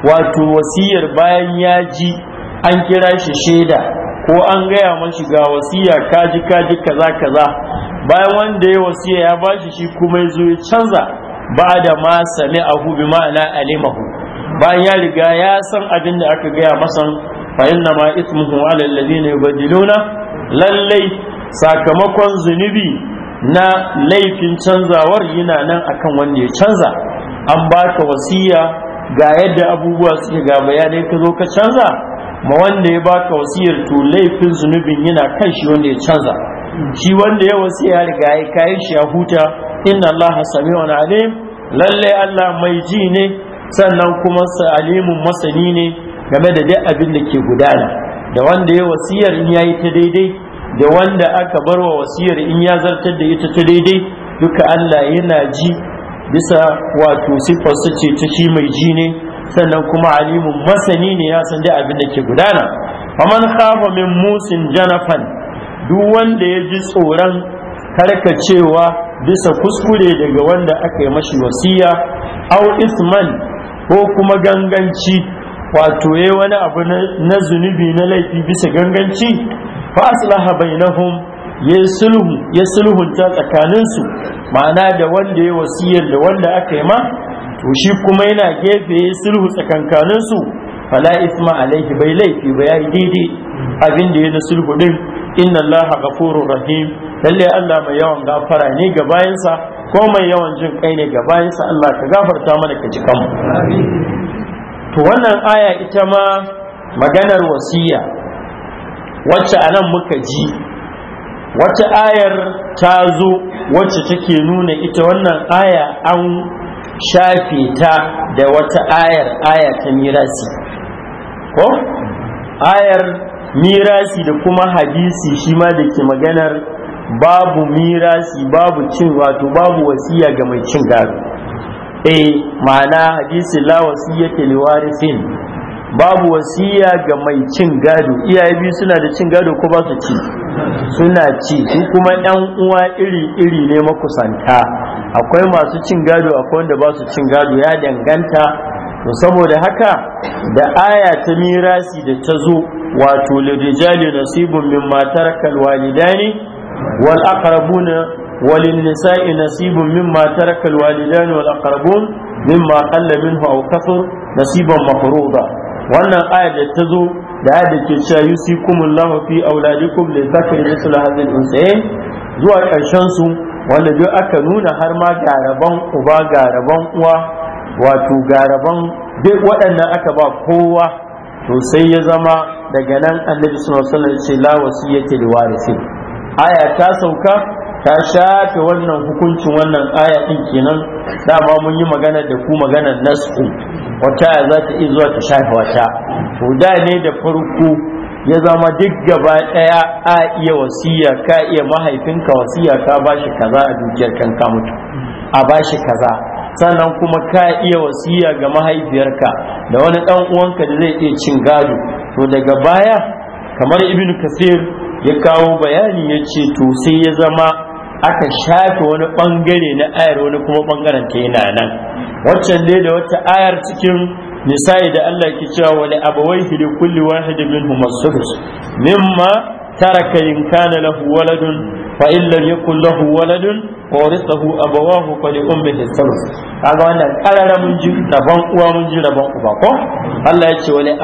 wato wasiyar bayan ya ji an kira shi shaida ko an gaya mashi ga wasiya kaji kaji kaza kaza bayan wanda ya wasiya ya bashi shi kuma ya zo ya canza ba da ma sami'ahu bi ma'ana alimahu bayan ya riga ya san abin da aka gaya masa fa inna ma ismuhu ala alladhina lallai sakamakon zunubi na laifin canzawar yana nan akan wanda ya canza an baka wasiya ga yadda abubuwa suke ga bayanai ka zo ka canza ma wanda ya baka wasiyar to laifin zunubin yana kan shi wanda ya canza shi wanda ya wasiya riga ya kayi shi ya huta inna allaha sami'un alim lallai allah mai ji ne sannan kuma alimun masani ne game da duk abin da ke gudana da wanda ya wasiyar in ya yi ta daidai da wanda aka bar wa wasiyar in ya zartar da ita ta daidai duka Allah yana ji bisa wato siffarsa ce ta shi mai ji ne sannan kuma alimun masani ne ya san duk abin da ke gudana faman khafa min musin janafan duk wanda ya ji tsoron karkacewa bisa kuskure daga wanda aka yi mashi wasiya au isman ko kuma ganganci wato yayi wani abu na zunubi na laifi bisa ganganci fa aslaha bainahum ya sulhu ya sulhunta tsakaninsu ma'ana da wanda ya wasiyar da wanda aka yi ma to shi kuma yana gefe ya sulhu tsakankaninsu fala isma alaihi bai laifi ba yayi daidai abin da ya na sulhu din inna allaha ghafurur rahim lalle Allah mai yawan gafara ne ga bayansa ko mai yawan jin kai ne ga bayansa Allah ka gafarta mana ka ji kanmu to wannan aya ita ma maganar wasiya wacce anan muka ji wata ayar ta zo wacce take nuna ita wannan aya an shafe ta da wata ayar aya ta mirasi ko ayar mirasi da kuma hadisi shi ma da ke maganar babu mirasi babu cin wato babu wasiya ga mai cin gado eh ma'ana hadisi la wasiyyata liwarithin babu wasiya ga mai cin gado iyaye biyu suna da cin gado ko ba su ci suna ci su kuma yan uwa iri iri ne makusanta akwai masu cin gado akwai wanda ba su cin gado ya danganta to saboda haka da aya ta mirasi da ta zo wato lirijali nasibun min matar kalwalidani wal aqrabuna wal nisa'i nasibun min matar kalwalidani wal aqrabun mimma qalla minhu aw kathur nasiban mafruḍa wannan aya da ta zo da da ke cewa yusikumullahu fi auladikum lizakari mithlu hadhihi al-unsayn zuwa karshen su wanda duk aka nuna har ma garaban uba garaban uwa wato garaban duk waɗannan aka ba kowa to sai ya zama daga nan annabi sallallahu alaihi ce la wasiyyati li warisi aya ta sauka ta shafe wannan hukuncin wannan aya din kenan dama mun yi magana da ku magana nasu wata aya za ta iya zuwa ta shafe wata to da ne da farko ya zama duk gaba ɗaya a iya wasiya ka iya mahaifinka wasiya ka bashi kaza a dukiyar kan mutu a bashi kaza sannan kuma ka iya wasiya ga mahaifiyarka da wani ɗan uwanka da zai iya cin gado to daga baya kamar Ibn kasir ya kawo bayani ya ce to sai ya zama aka shafe wani bangare na ayar wani kuma bangaren ta yana nan waccan dai da wata ayar cikin nisa'i da Allah ke cewa wani abawai li kulli wahidi min humar sufis mimma taraka إن kana له ولد فإن لم يكن له ولد ورثه wa warithahu abawahu fa li ummihi thuluth kaga wannan نبان mun ji rabon uwa mun ji rabon uba ko Allah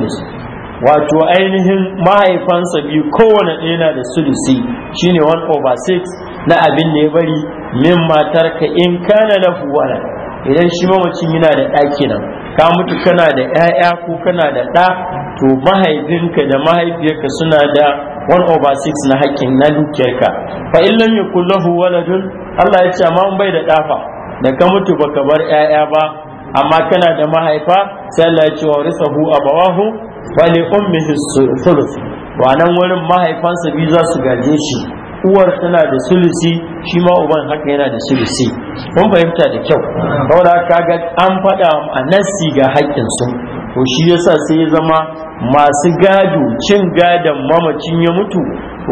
ya wato ainihin mahaifansa biyu kowane ɗaya na da sulusi shine 1 over 6 na abin da ya bari min matarka in kana lahu idan shi mamacin yana da ɗaki nan ka mutu kana da 'ya'ya ko kana da ɗa to mahaifinka da mahaifiyarka suna da 1 over 6 na haƙƙin na dukiyarka fa in yakullahu waladun Allah ya ce amma bai da ɗafa da ka mutu baka bar 'ya'ya ba amma kana da mahaifa sai Allah ya ce wa risahu abawahu wa li ummihi thuluth wa nan wurin mahaifansa biyu za su gaje shi uwar tana da sulusi shi ma uban haka yana da sulusi mun fahimta da kyau saboda kaga an faɗa a nasi ga haƙƙin su to shi yasa sai ya zama masu gado cin gadon mamacin ya mutu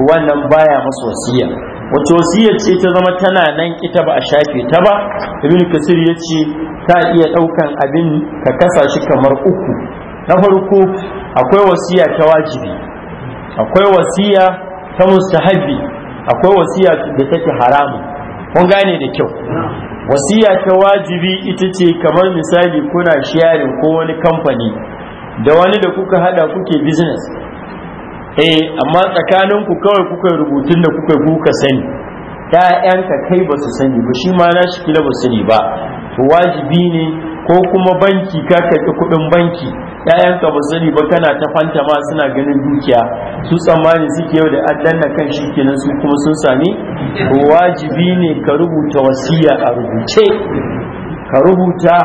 wannan baya masu wasiya wace wasiya ce ta zama tana nan ita ba a shafe ta ba ibn kasir ya ce ta iya ɗaukan abin ka kasa shi kamar uku na farko akwai wasiya ta wajibi akwai wasiya ta mustahabi akwai wasiya da take haramu kun gane da kyau wasiya ta wajibi ita ce kamar misali kuna sharing ko wani kamfani da wani da kuka hada kuke business eh amma tsakanin ku kawai kuka rubutun da kuka kuka sani ‘ya'yanka kai ba su sani ba shi ma na shi kila ba su sani ba to wajibi ne ko kuma banki ka karɓi kuɗin banki 'ya'yanka ba sani ba kana ta fanta ma suna ganin dukiya su tsammani suke yau da addan na kan shi kenan su kuma sun sami wajibi ne ka rubuta wasiya a rubuce ka rubuta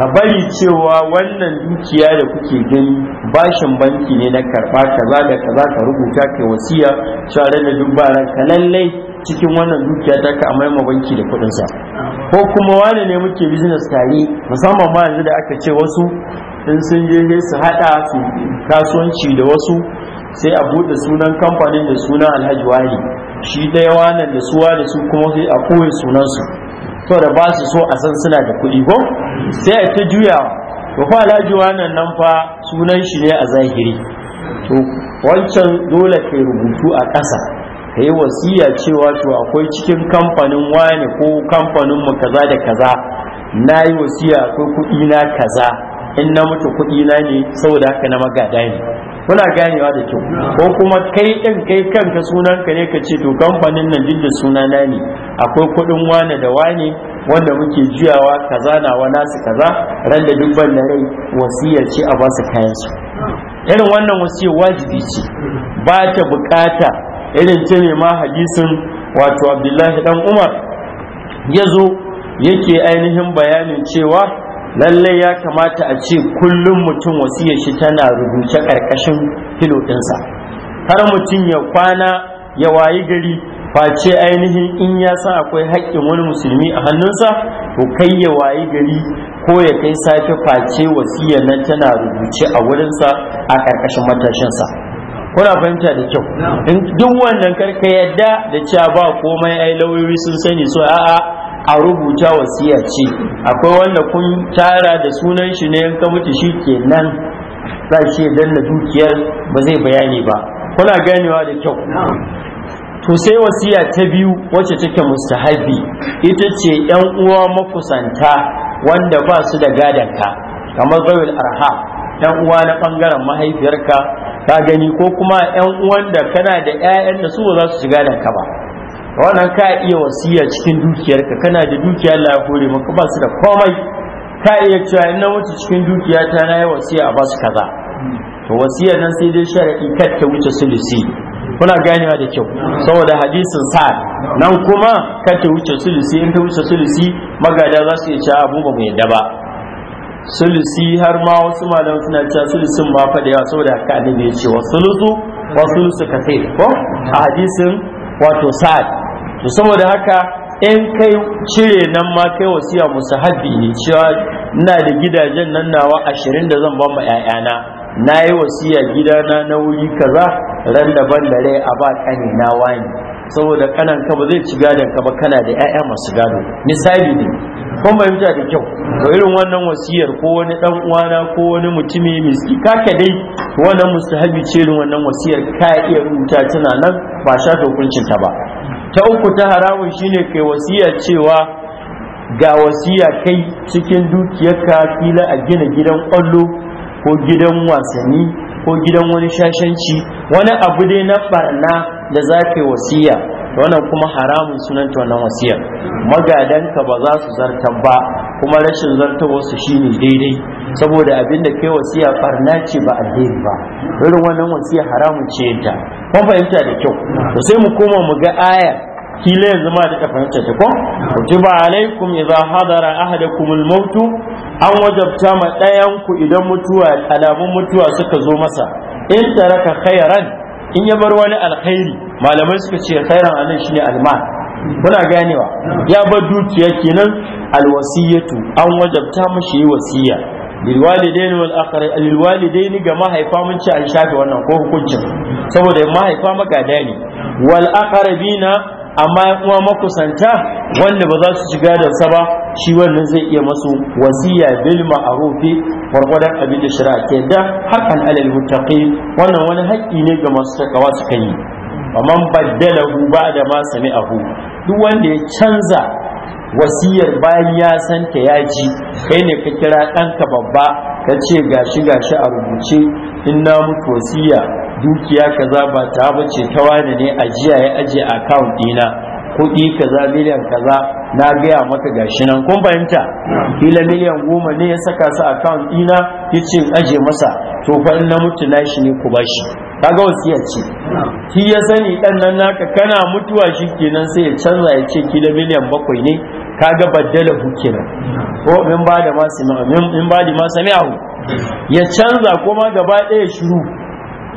ka bari cewa wannan dukiya da kuke gani bashin banki ne na karɓa kaza da kaza ka rubuta kai wasiya tare da duk ba ka lallai cikin wannan dukiya ta ka amai banki da kuɗinsa? sa ko kuma wane ne muke business tare musamman ma yanzu da aka ce wasu in sun je sai su haɗa su kasuwanci da wasu sai a buɗe sunan kamfanin da sunan alhaji wani shi ɗaya wannan da suwa da su kuma sai a koyi sunansu to da ba su so a san suna da kuɗi ko sai a ta juya to fa alhaji wannan nan fa sunan shi ne a zahiri to wancan dole kai rubutu a ƙasa ka yi wasiya cewa to akwai cikin kamfanin wani ko kamfanin mu kaza da kaza na yi wasiya akwai kuɗi na kaza in na mutu kuɗi na ne saboda haka na magada ne kuna ganewa da kyau ko kuma kai ɗin kai kanka sunan ka ne ka ce to kamfanin nan duk da sunana ne akwai kuɗin wane da wane wanda muke juyawa kaza na wa nasu kaza ran da duk na rai wasiya ce a basu kayan su irin wannan wasiya wajibi ce ba ta bukata irin ce ne ma hadisin wato abdullahi dan umar ya zo yake ainihin bayanin cewa lallai ya kamata a ce kullum mutum wasiyar shi tana rubuce ƙarƙashin filotinsa har mutum ya kwana ya wayi gari face ainihin in ya san akwai haƙƙin wani musulmi a hannunsa to kai ya wayi gari ko ya kai safe face wasiyar nan tana rubuce a wurinsa a ƙarƙashin matashinsa kuna fahimta da kyau in duk wannan karka yadda da cewa ba komai ai lauyoyi sun sani so a'a a rubuta wasiya ce akwai wanda kun tara da sunan shi ne yanka mutu shi kenan za shi danna dukiyar ba zai bayani ba kuna ganewa da kyau to sai wasiya ta biyu wacce take mustahabi ita ce yan uwa makusanta wanda ba su da gadanka kamar zawil arha yan uwa na bangaren mahaifiyarka ka gani ko kuma yan uwan da kana da ƴaƴan da su za su shiga da ka ba wannan ka iya wasiya cikin dukiyarka kana da dukiya Allah ya hore maka ba su da komai ka iya cewa ina wuce cikin ta na yi wasiya a ba su kaza to wasiyar nan sai dai sharadi kar ta wuce sulusi kuna ganewa da kyau saboda hadisin sa nan kuma kar ta wuce sulusi in ta wuce sulusi magada za su iya cewa abu ba mu yadda ba sulusi har ma wasu malam suna cewa sulusin ma fa da yawa saboda haka annabi ya ce wa sulusu wa sulusu ko a hadisin wato sa'ad to saboda haka in kai cire nan ma kai wasiya musahabi ne cewa ina da gidajen nan nawa ashirin da zan ba ma 'ya'yana na yi wasiya gidana na wuri kaza ran daban da rai a ba kane na wani saboda kanan ka ba zai ci gadon ka ba kana da 'ya'ya masu gado misali ne kun fahimta da kyau to irin wannan wasiyar ko wani dan uwana ko wani mutumi miski kake dai wannan mustahabi ce irin wannan wasiyar ka iya rubuta tana nan ba ta hukuncin ta ba ta uku ta haramun shine kai wasiya cewa ga wasiya kai cikin dukiyarka kila a gina gidan kwallo ko gidan wasanni ko gidan wani shashanci wani abu dai na barna da za yi wasiya wannan kuma haramun sunan wannan wasiyar magadanka ba za su zartar ba kuma rashin zartawarsu shine daidai saboda abin da kai wasiya barna ce ba alheri ba irin wannan wasiya haramun ce ta kun fahimta da kyau to sai mu koma mu ga aya kila yanzu ma da fahimta ta ko kutiba alaikum idza hadara ahadakum almaut an wajabta ma dayan ku idan mutuwa alamun mutuwa suka zo masa in taraka khairan in ya bar wani alkhairi malamai suka ce khairan anan shine almal kuna ganewa ya bar dukiya kenan alwasiyatu an wajabta mashi yi wasiya bilwalidaini wal akhar ga mahaifa mun ce an shafe wannan ko hukuncin saboda mahaifa magada ne wal aqrabina amma kuma makusanta wanda ba za su shiga da sa ba shi wannan zai iya masu wasiya bil ma'rufi gwargwadon abin da shari'a ke da hakan alal muttaqin wannan wani haƙƙi ne ga masu takawa su kai faman baddalahu ba'da ma sami'ahu duk wanda ya canza wasiyar bayan ya san ta ya kai ne ka kira ɗanka babba ka ce gashi gashi a rubuce in na mutu wasiya dukiya kaza ba ta bace ta wani ne ajiya ya aje account dina kuɗi kaza miliyan kaza na gaya maka gashi nan kun fahimta kila miliyan goma ne ya saka su account ɗina ya ce aje masa to fa na mutu na shi ne ku bashi kaga wasiya ce shi ya sani dan nan naka kana mutuwa shi kenan sai ya canza ya ce kila miliyan bakwai ne kaga baddala hu kenan ko min ba da ma min ba da ma sami'ahu ya canza kuma gaba ɗaya shiru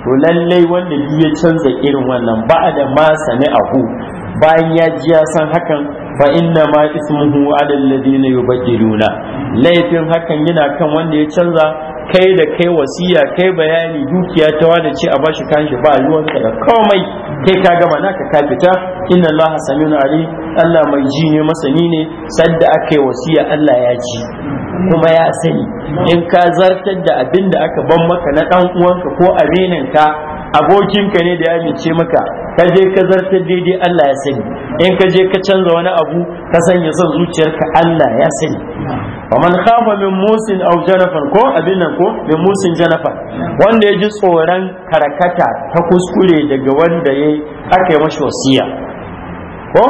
to lallai wanda biyu ya canza irin wannan ba da ma sami'ahu bayan ya ji ya san hakan fa inna ma ismuhu ala alladhina yubaddiluna laifin hakan yana kan wanda ya canza kai da kai wasiya kai bayani dukiya ta wada ce a bashi kan shi ba ruwanka da komai kai ka gama naka ka fita inna Allah samiun ali Allah mai ji ne masani ne sadda aka yi wasiya Allah ya ji kuma ya sani in ka zartar da abin da aka ban maka na dan uwanka ko ka abokinka ne da ya amince maka ka je ka zartar daidai Allah ya sani in ka je ka canza wani abu ka sanya son zuciyarka Allah ya sani wa man khafa min musin aw janafan ko abin nan ko min musin janafan wanda ya ji tsoron karakata ta kuskure daga wanda ya aka yi masa wasiya ko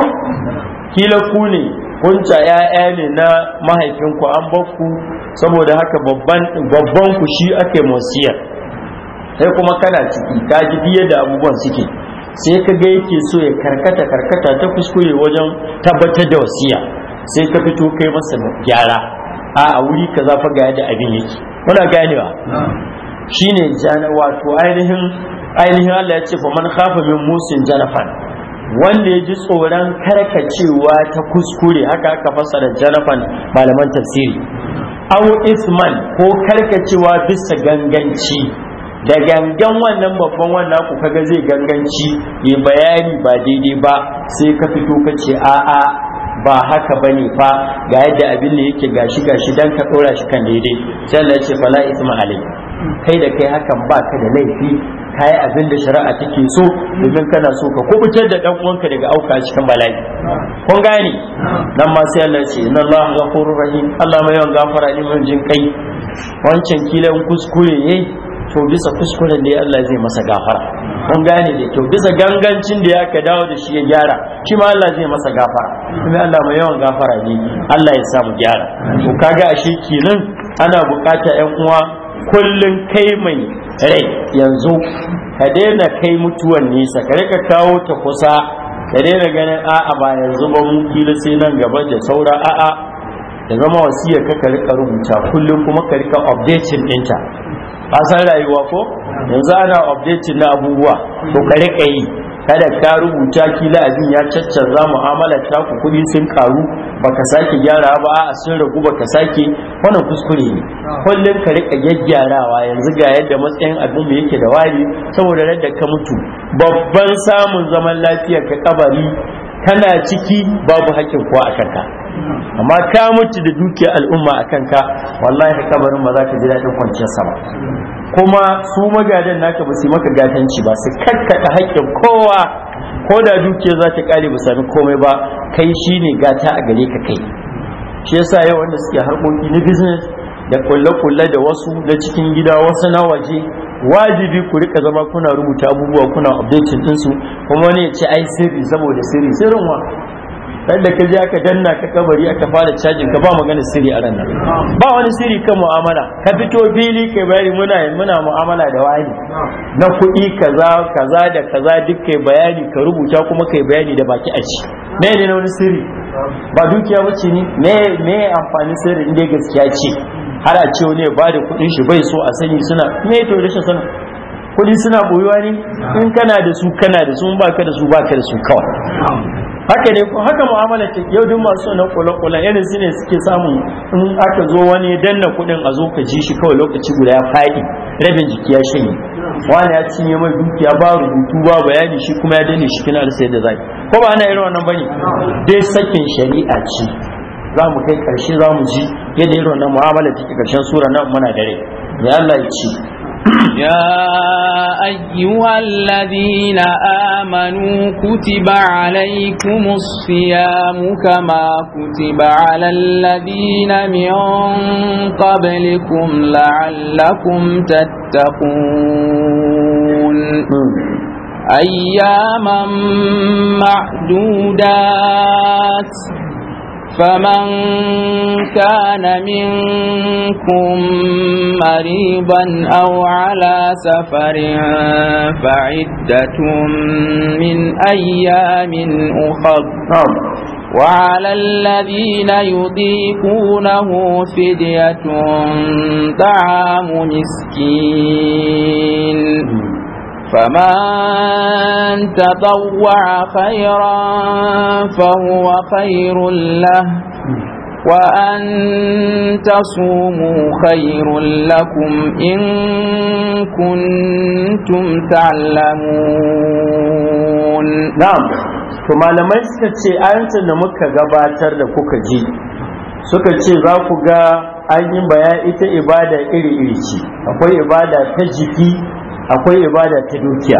kila ku ne kunta ya'ya ne na mahaifinku an bakku saboda haka babban babban ku shi ake wasiya sai kuma kana ciki ka ji da abubuwan suke sai ka ga yake so ya karkata karkata ta kuskure wajen tabbatar da wasiya sai ka fito kai masa gyara a a wuri ka zafa ga yadda abin yake muna ganewa shine wato ainihin ainihin Allah ya ce fa man khafa min musin janafan wanda ya ji tsoron karkacewa ta kuskure haka aka da janafan malaman tafsiri aw isman ko karkacewa bisa ganganci da gangan wannan babban wannan ku kaga zai ganganci ya bayani ba daidai ba sai ka fito ka ce a'a ba haka bane fa ga yadda abin da yake gashi gashi dan ka dora shi kan daidai sai na ce fala isma alai kai da kai hakan ba ka da laifi kai abin da shari'a take so domin kana so ka kubutar da ɗan uwanka daga auka cikin bala'i kun gane nan ma sai Allah ce inna Allah ghafurur rahim Allah mai yawan gafara ne mun jin kai wancan kilan kuskure yayi to bisa kuskuren da Allah zai masa gafara kun gane da to bisa gangancin da ya ka dawo da shi ya gyara shi ma Allah zai masa gafara kuma Allah mai yawan gafara ne Allah ya samu gyara to kaga ashe kenan ana bukata yan uwa kullun kai mai rai yanzu ka daina kai mutuwan nesa ka rika kawo ta kusa ka daina ganin a'a ba yanzu ba mun kila sai nan gaba da saura a'a da zama wasiyar ka ka rika rubuta kullum kuma ka rika updating ɗinta ka san rayuwa ko yanzu ana updating na abubuwa to ka rika yi kada ka rubuta kila abin ya caccanza mu'amalar taku kuɗi sun karu baka sake gyara ba a sun ragu baka sake wannan kuskure ne kullum ka rika gyaggyarawa yanzu ga yadda matsayin abin mu yake da wari saboda yadda ka mutu babban samun zaman lafiya ka kabari kana ciki babu hakkin kuwa a kanka amma ka mutu da dukiyar al'umma a kanka wallahi ka kabarin ba za ka ji daɗin kwanciyar sama kuma su magadan naka ba su maka gatanci ba su karkata haƙƙin kowa ko da dukiyar za ta ƙare ba sami komai ba kai shi ne gata a gare ka kai shi yasa yau wanda suke harkoki na business da kulle-kulle da wasu na cikin gida wasu na waje wajibi ku rika zama kuna rubuta abubuwa kuna updating ɗinsu kuma ne ya ce ai sirri saboda sirri sirrin wa da ka je aka danna ka kabari aka fara cajin ka ba magana sirri a ranar ba wani sirri kan mu'amala ka fito fili ka bayani muna muna mu'amala da wani na kuɗi kaza kaza da kaza duk kai bayani ka rubuta kuma kai bayani da baki a ci me ne wani sirri ba dukiya wuce ne me me amfani sirri inda gaskiya ce har a ce wani ba da kuɗin shi bai so a sani suna me to rashin sana kuɗi suna boyuwa ne in kana da su kana da su in baka da su baka da su kawai haka ne ko haka mu'amala ta yau duk masu na kula-kula irin su ne suke samun in aka zo wani danna kuɗin a zo ka ji shi kawai lokaci guda ya faɗi rabin jiki ya shanye wani ya cinye mai dukiya ba rubutu ba bayani shi kuma ya dane shi kina da sai da zai ko ba ana irin wannan bane dai sakin shari'a ce za mu kai ƙarshe za mu ji yadda irin wannan mu'amala take ƙarshen sura nan muna dare ya Allah ya ci يا أيها الذين آمنوا كتب عليكم الصيام كما كتب على الذين من قبلكم لعلكم تتقون نعم. أياما معدودات فمن كان منكم مريضا أو على سفر فعدة من أيام أخر نعم. وعلى الذين يضيقونه فدية طعام مسكين فمن تطوع خيرا فهو خير له وأن تصوموا خير لكم إن كنتم تعلمون نعم kuma malamai suka ce ayantar da muka gabatar da kuka je, suka ce za ku ga an yi baya ita ibada iri-iri ce akwai ibada ta jiki akwai ibada ta dukiya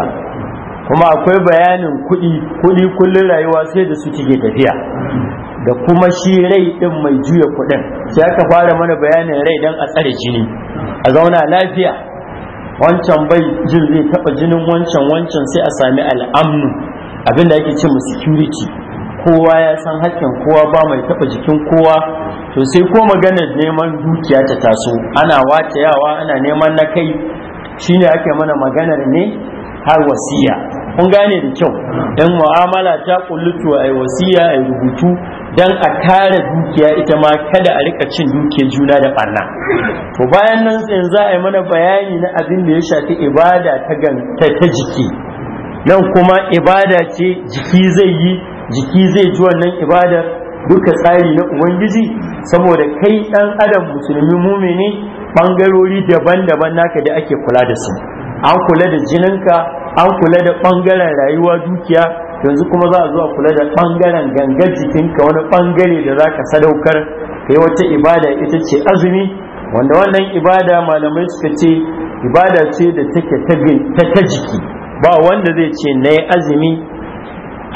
kuma akwai bayanin kuɗi kuɗi kullun rayuwa sai da su ke tafiya da kuma shi rai ɗin mai juya kuɗin sai aka fara mana bayanin rai don a tsare jini a zauna lafiya wancan bai jin zai taɓa jinin wancan wancan sai a sami al'amnu abinda ake ce mu security kowa ya san hakkin kowa ba mai taɓa jikin kowa to sai ko maganar neman dukiya ta taso ana watayawa ana neman na kai Shi ne ake mana maganar ne har wasiya kun gane da kyau dan mu'amala ta kullutu yi wasiya yi rubutu don a kare dukiya ita ma kada a rika cin dukiyar juna da barna to bayan nan tsayin za a yi mana bayani na abin da ya shafi ibada ta ganta ta jiki nan kuma ibada ce jiki zai yi jiki zai ji wannan ibadar duka tsari na ubangiji saboda kai ɗan adam musulmi mumini bangarori daban-daban naka da ake kula da su an kula da jininka an kula da ɓangaren rayuwa dukiya yanzu kuma za a zuwa kula da ɓangaren gangar jikinka wani ɓangare da za ka sadaukar ka yi wata ibada ita ce azumi wanda wannan ibada malamai suka ce ibada ce da take ta jiki ba wanda zai ce na yi azumi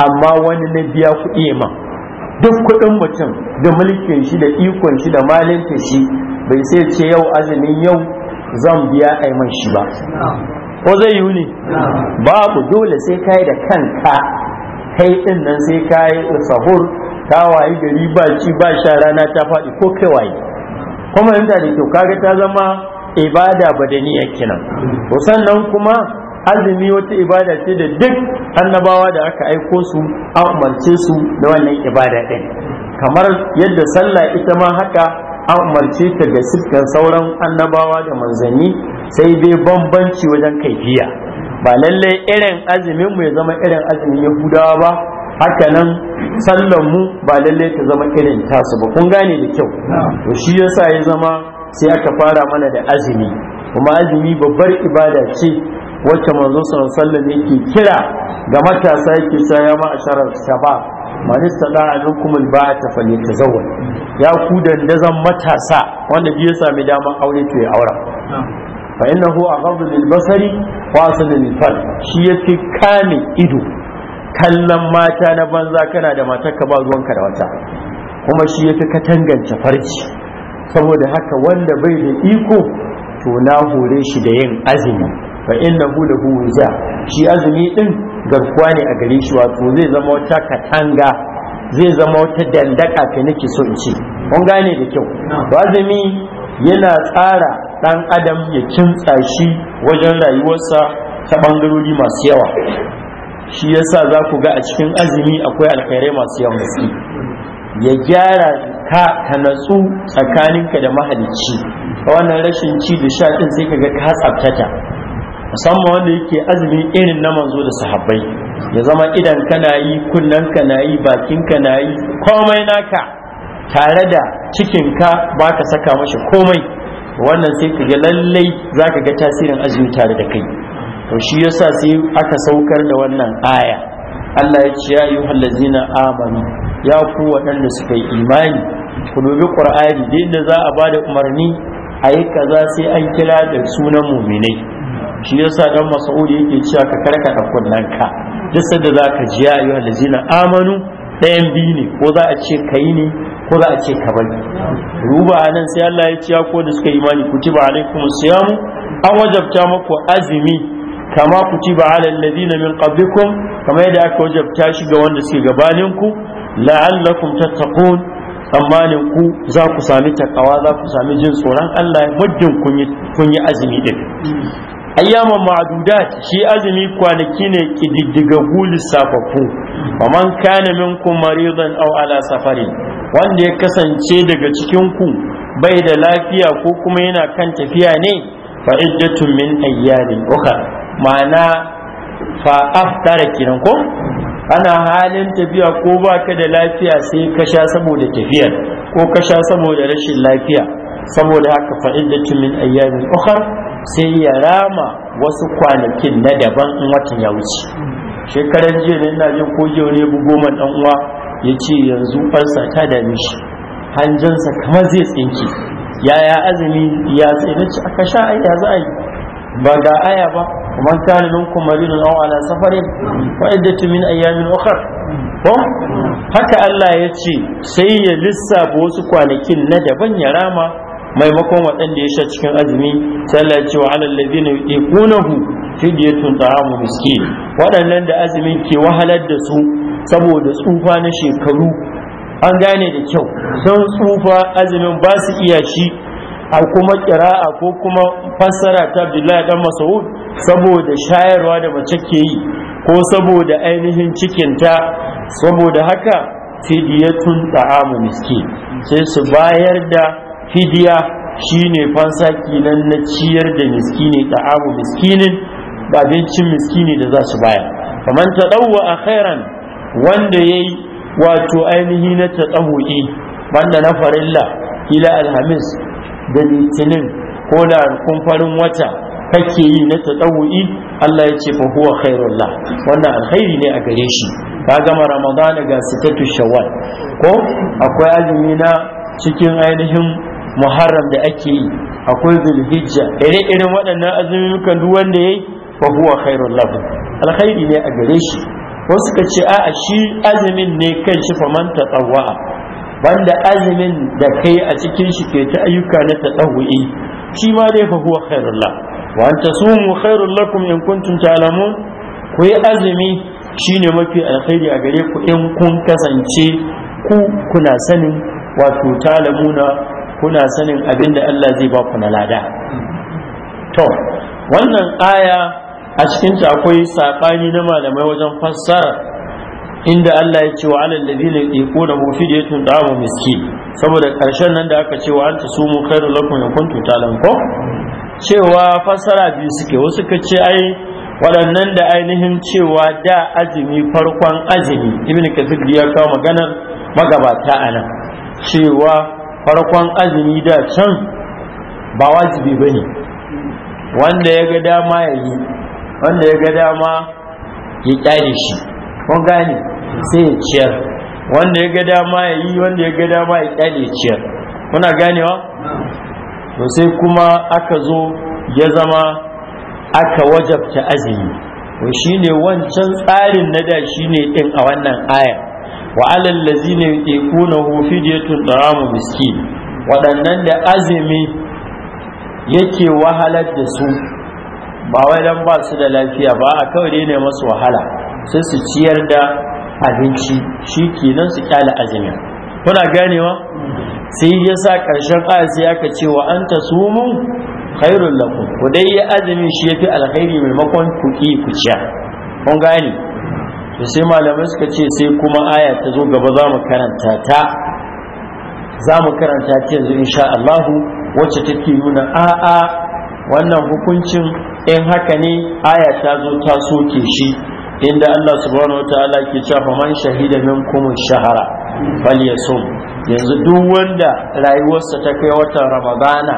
amma wani na biya kuɗi ma duk kuɗin mutum da mulkin shi da ikon shi da malinta shi bai sai ce yau azumin yau zan biya aiman shi ba ko zai yi ne babu dole sai kai da kanka kai din nan sai kai sahur Ka wayi gari ba ci ba sha rana ta faɗi ko kai waye kuma yanda da kyau kaga ta zama ibada badaniya kenan to sannan kuma azumi wata ibada ce da duk annabawa da aka aiko su an umarce su da wannan ibada ɗin kamar yadda sallah ita ma haka an umarce ta ga sukan sauran annabawa da manzanni sai dai bambanci wajen kaifiya ba lallai irin azumin mu ya zama irin azumin yahudawa ba haka nan sallan mu ba lallai ta zama irin tasu ba kun gane da kyau to shi yasa ya zama sai aka fara mana da azumi kuma azumi babbar ibada ce wacce manzo sallallahu alaihi wasallam yake kira ga matasa yake cewa ya ma asharar shabab man istata'a minkum alba'ata falyatazawwaj ya ku zan matasa wanda ya sami daman aure to ya aura fa innahu aghadhu lil basari wa aslu lil fal shi yafi kame ido kallon mata na banza kana da matar ka ba ka da wata kuma shi ka katangance farci saboda haka wanda bai da iko to na hore shi da yin azumi fa innahu lahu wiza shi azumi din garkuwa ne a gare shi wato zai zama wata katanga zai zama wata dandaka ka nake so in ce kun gane da kyau wazumi yana tsara dan adam ya kintsa shi wajen rayuwarsa ta bangarori masu yawa shi yasa za ku ga a cikin azumi akwai alkhairai masu yawa gaske ya gyara ka ka natsu tsakaninka da mahalicci wannan rashin ci da sha din sai kaga ka tsaftata musamman wanda yake azumi irin na manzo da sahabbai ya zama idan kana yi kunnen kana yi bakin kana yi komai naka tare da cikin ka baka saka mashi komai wannan sai ka ga lallai zaka ga tasirin azumi tare da kai to shi yasa sai aka saukar da wannan aya Allah ya ce ya yi hallazina amanu ya ku waɗanda suka yi imani ku dubi qur'ani da za a bada umarni a yi kaza sai an kira da sunan muminai shi yasa dan masa'udi yake cewa ka karka kullan ka duk sanda ka ji ya ayyuhal zina amanu ɗayan biyu ne ko za a ce kai ne ko za a ce ka bari ruba nan sai Allah ya ciya ko da suka imani kutiba alaikum mu an wajabta muku azumi kama kutiba alal ladina min qablikum kama yadda aka wajabta shi ga wanda suke gabanin ku la'allakum tattaqun tsammanin ku za ku sami takawa za ku sami jin tsoron Allah muddin kun yi azumi din ayyaman ma'adudat shi azumi kwanaki ne kididdigaggu lissafafu wa man kana minkum maridan aw ala safarin wanda ya kasance daga cikin ku bai da lafiya ko kuma yana kan tafiya ne fa iddatun min ayyamin ukhra ma'ana fa aftara kinan ko ana halin tafiya ko baka da lafiya sai ka sha saboda tafiyar ko ka sha saboda rashin lafiya saboda haka fa iddatun min ayyamin ukhra sai ya rama wasu kwanakin na daban in watan ya wuce shekaran jiya ne ina jin ko ne bu goma dan uwa ya ce yanzu farsa ta dame shi hanjansa kamar zai tsinke yaya azumi ya tsaye ci aka sha ai za a yi ba ga aya ba kuma kana nan kuma rinun an ala safarin wa iddatu min ayyamin ukhra ko haka Allah ya ce sai ya lissa lissafa wasu kwanakin na daban ya rama maimakon waɗanda ya sha cikin azumi sai Allah ya ce wa alal ladina yuqunahu fidyatun ta'amu miskin waɗannan da azumin ke wahalar da su saboda tsufa na shekaru an gane da kyau don tsufa azumin ba su iya shi a kuma kira'a ko kuma fassara ta Abdullahi dan masaud saboda shayarwa da mace ke yi ko saboda ainihin cikinta saboda haka fidiyatun ta'amu miskin sai su bayar da fidiya shine fansa kinan na ciyar da miskini da abu miskinin ba abincin miskini da za su baya kamar ta ɗauwa a khairan wanda ya yi wato ainihi na ta banda na farilla ila alhamis da litinin ko da kumfarin wata kake yi na tadawu'i Allah ya ce fa huwa la wannan alkhairi ne a gare shi ka gama Ramadana ga sitatu shawwal ko akwai azumi na cikin ainihin muharram da ake yi akwai zulhijja ire irin waɗannan azumukan duk wanda yayi fa huwa khairul lahu alkhairi ne a gare shi wasu suka ce a'a shi azumin ne kan shi ta tsawwa. banda azumin da kai a cikin shi ke ta ayyuka na tatawwu'i shi ma dai fa huwa khairul lahu wa an khairul lakum in kuntum ta'lamun ku yi azumi shine mafi alkhairi a gare ku in kun kasance ku kuna sanin wato talamuna kuna sanin abin da Allah zai ba ku na lada to wannan aya a cikin ta akwai saƙani na malamai wajen fassara inda Allah ya ce wa alal ladina yuquna mufidiyatun ta'amu miski saboda karshen nan da aka ce wa anta sumu khairul lakum in kuntum ta'lamun ko cewa fasara biyu suke wasu ka ce ai waɗannan da ainihin cewa da azumi farkon azumi ibn kathir ya kawo maganar magabata anan cewa farkon azumi da can ba wajibi ba ne wanda ya ga dama ya yi wanda ya ga dama ya kyale shi kun gane sai ya ciyar wanda ya ga dama ya yi wanda ya ga dama ya kyale ciyar kuna ganewa to sai kuma aka zo ya zama aka wajabta azumi to shine wancan tsarin na da shine din a wannan aya wa alal ladzina ya fidyatun ta'amu miskin waɗannan da azumi yake wahalar da su ba wai dan ba su da lafiya ba a kawai dai ne masu wahala sai su ciyar da abinci shi kenan su kyale azumin kuna ganewa sai ya sa ƙarshen aya aka ce wa an ta sumu khairul lakum ku dai ya azumi shi yafi alkhairi maimakon ku ki ku ciya kun gane da sai malamai suka ce sai kuma aya ta zo gaba za mu karanta ta za mu karanta ta yanzu insha Allahu wacce take nuna a'a wannan hukuncin in haka ne aya ta zo ta soke shi inda Allah subhanahu wataala ke cewa man shahida minkum shahara falyasum yanzu duk wanda rayuwarsa ta kai watan Ramadana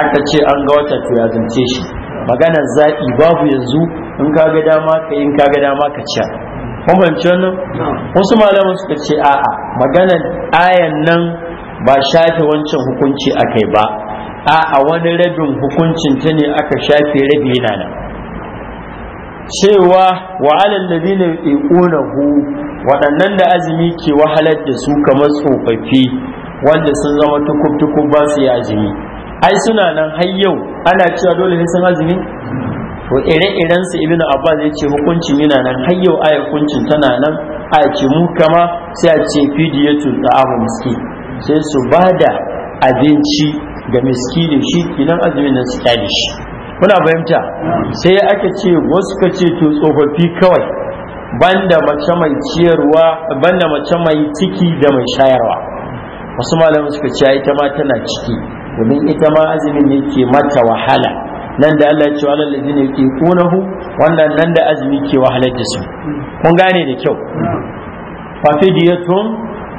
aka ce an ga wata to ya zance shi maganar zaƙi babu yanzu in kaga dama ka in ka dama ka ciya mun fahimci wannan wasu malaman suka ce a'a maganar ayan nan ba shafe wancan hukunci akai ba a'a wani rabin hukuncin ta ne aka shafe rabi yana nan cewa wa alal ladina hu waɗannan da azumi ke wahalar da su kamar tsofaffi wanda sun zama tukub-tukub ba su yi azumi ai suna nan har yau ana cewa dole ne sun azumi to ire-iren su ibnu abbas ya ce hukuncin yana nan har yau aya hukuncin tana nan a ce mu kama sai a ce fidiyatu abu miski sai su ba da abinci ga da shi kinan azumin nan su kyale shi kuna fahimta sai aka ce wasu ka ce to tsofaffi kawai banda mace mai ciyarwa banda mace mai ciki da mai shayarwa wasu malamai suka ce ita ma tana ciki domin ita ma azumin ne ke mata wahala nan da Allah ya ce alal ladina kunahu wannan nan da azumi ke wahalar da su kun gane da kyau fa fidiyatun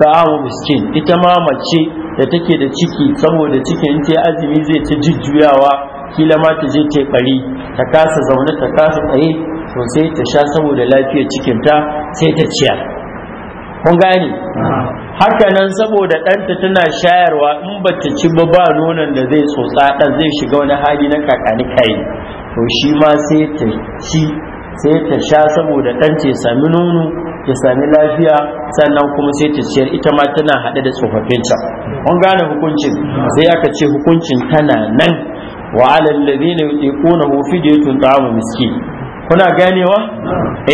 ta'amu miskin ita ma mace da take da ciki saboda cikin ta azumi zai ta jujjuyawa kila ma ta je ta bari ta kasa zaune ta kasa tsaye sosai sai ta sha saboda lafiyar cikin ta sai ta ciyar kun gane haka nan saboda ɗanta tana shayarwa in bata ci ba ba nonon da zai tsotsa ɗan zai shiga wani hali na kakani kai to shi ma sai ta ci sai ta sha saboda ɗan ce sami nono ya sami lafiya sannan kuma sai ta ciyar ita ma tana haɗe da tsofaffin can kun gane hukuncin sai aka ce hukuncin tana nan wa alal ladina yutiquna fidyatun ta'amu miskin kuna ganewa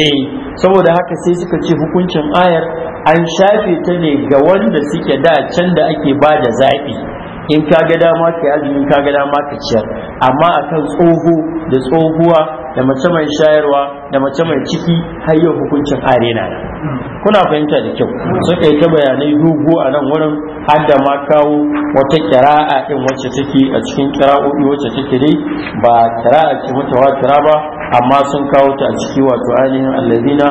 eh saboda haka sai suka ce hukuncin ayar an shafe ta ne ga wanda suke da can da ake ba da zaɓi in ka ga dama ka yi in ka ga dama ka ciyar amma akan tsoho da tsohuwa da mace mai shayarwa da mace mai ciki har yau hukuncin arena na kuna fahimta da kyau suka yi ta bayanai dogo a nan wurin har da ma kawo wata kira'a din wacce take a cikin kira'o'i wacce take dai ba kira'a ce mutawa kira ba amma sun kawo ta a ciki wato ainihin allazina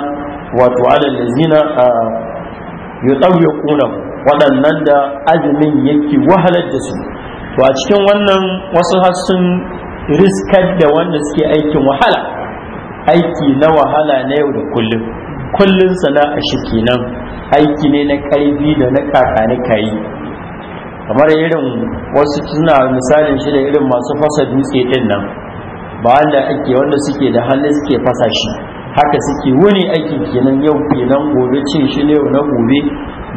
wato alallazina kuna waɗannan da azumin yake wahalar da su to a cikin wannan wasu har sun riskar da wanda suke aikin wahala aiki na wahala na yau da kullum kullum sana'a shi kenan aiki ne na ƙarfi da na kakani kayi kamar irin wasu suna misalin shi da irin masu fasa dutse din nan ba wanda ake wanda suke da hannu suke fasa shi haka suke wani aiki kenan yau kenan gobe cin shi ne na gobe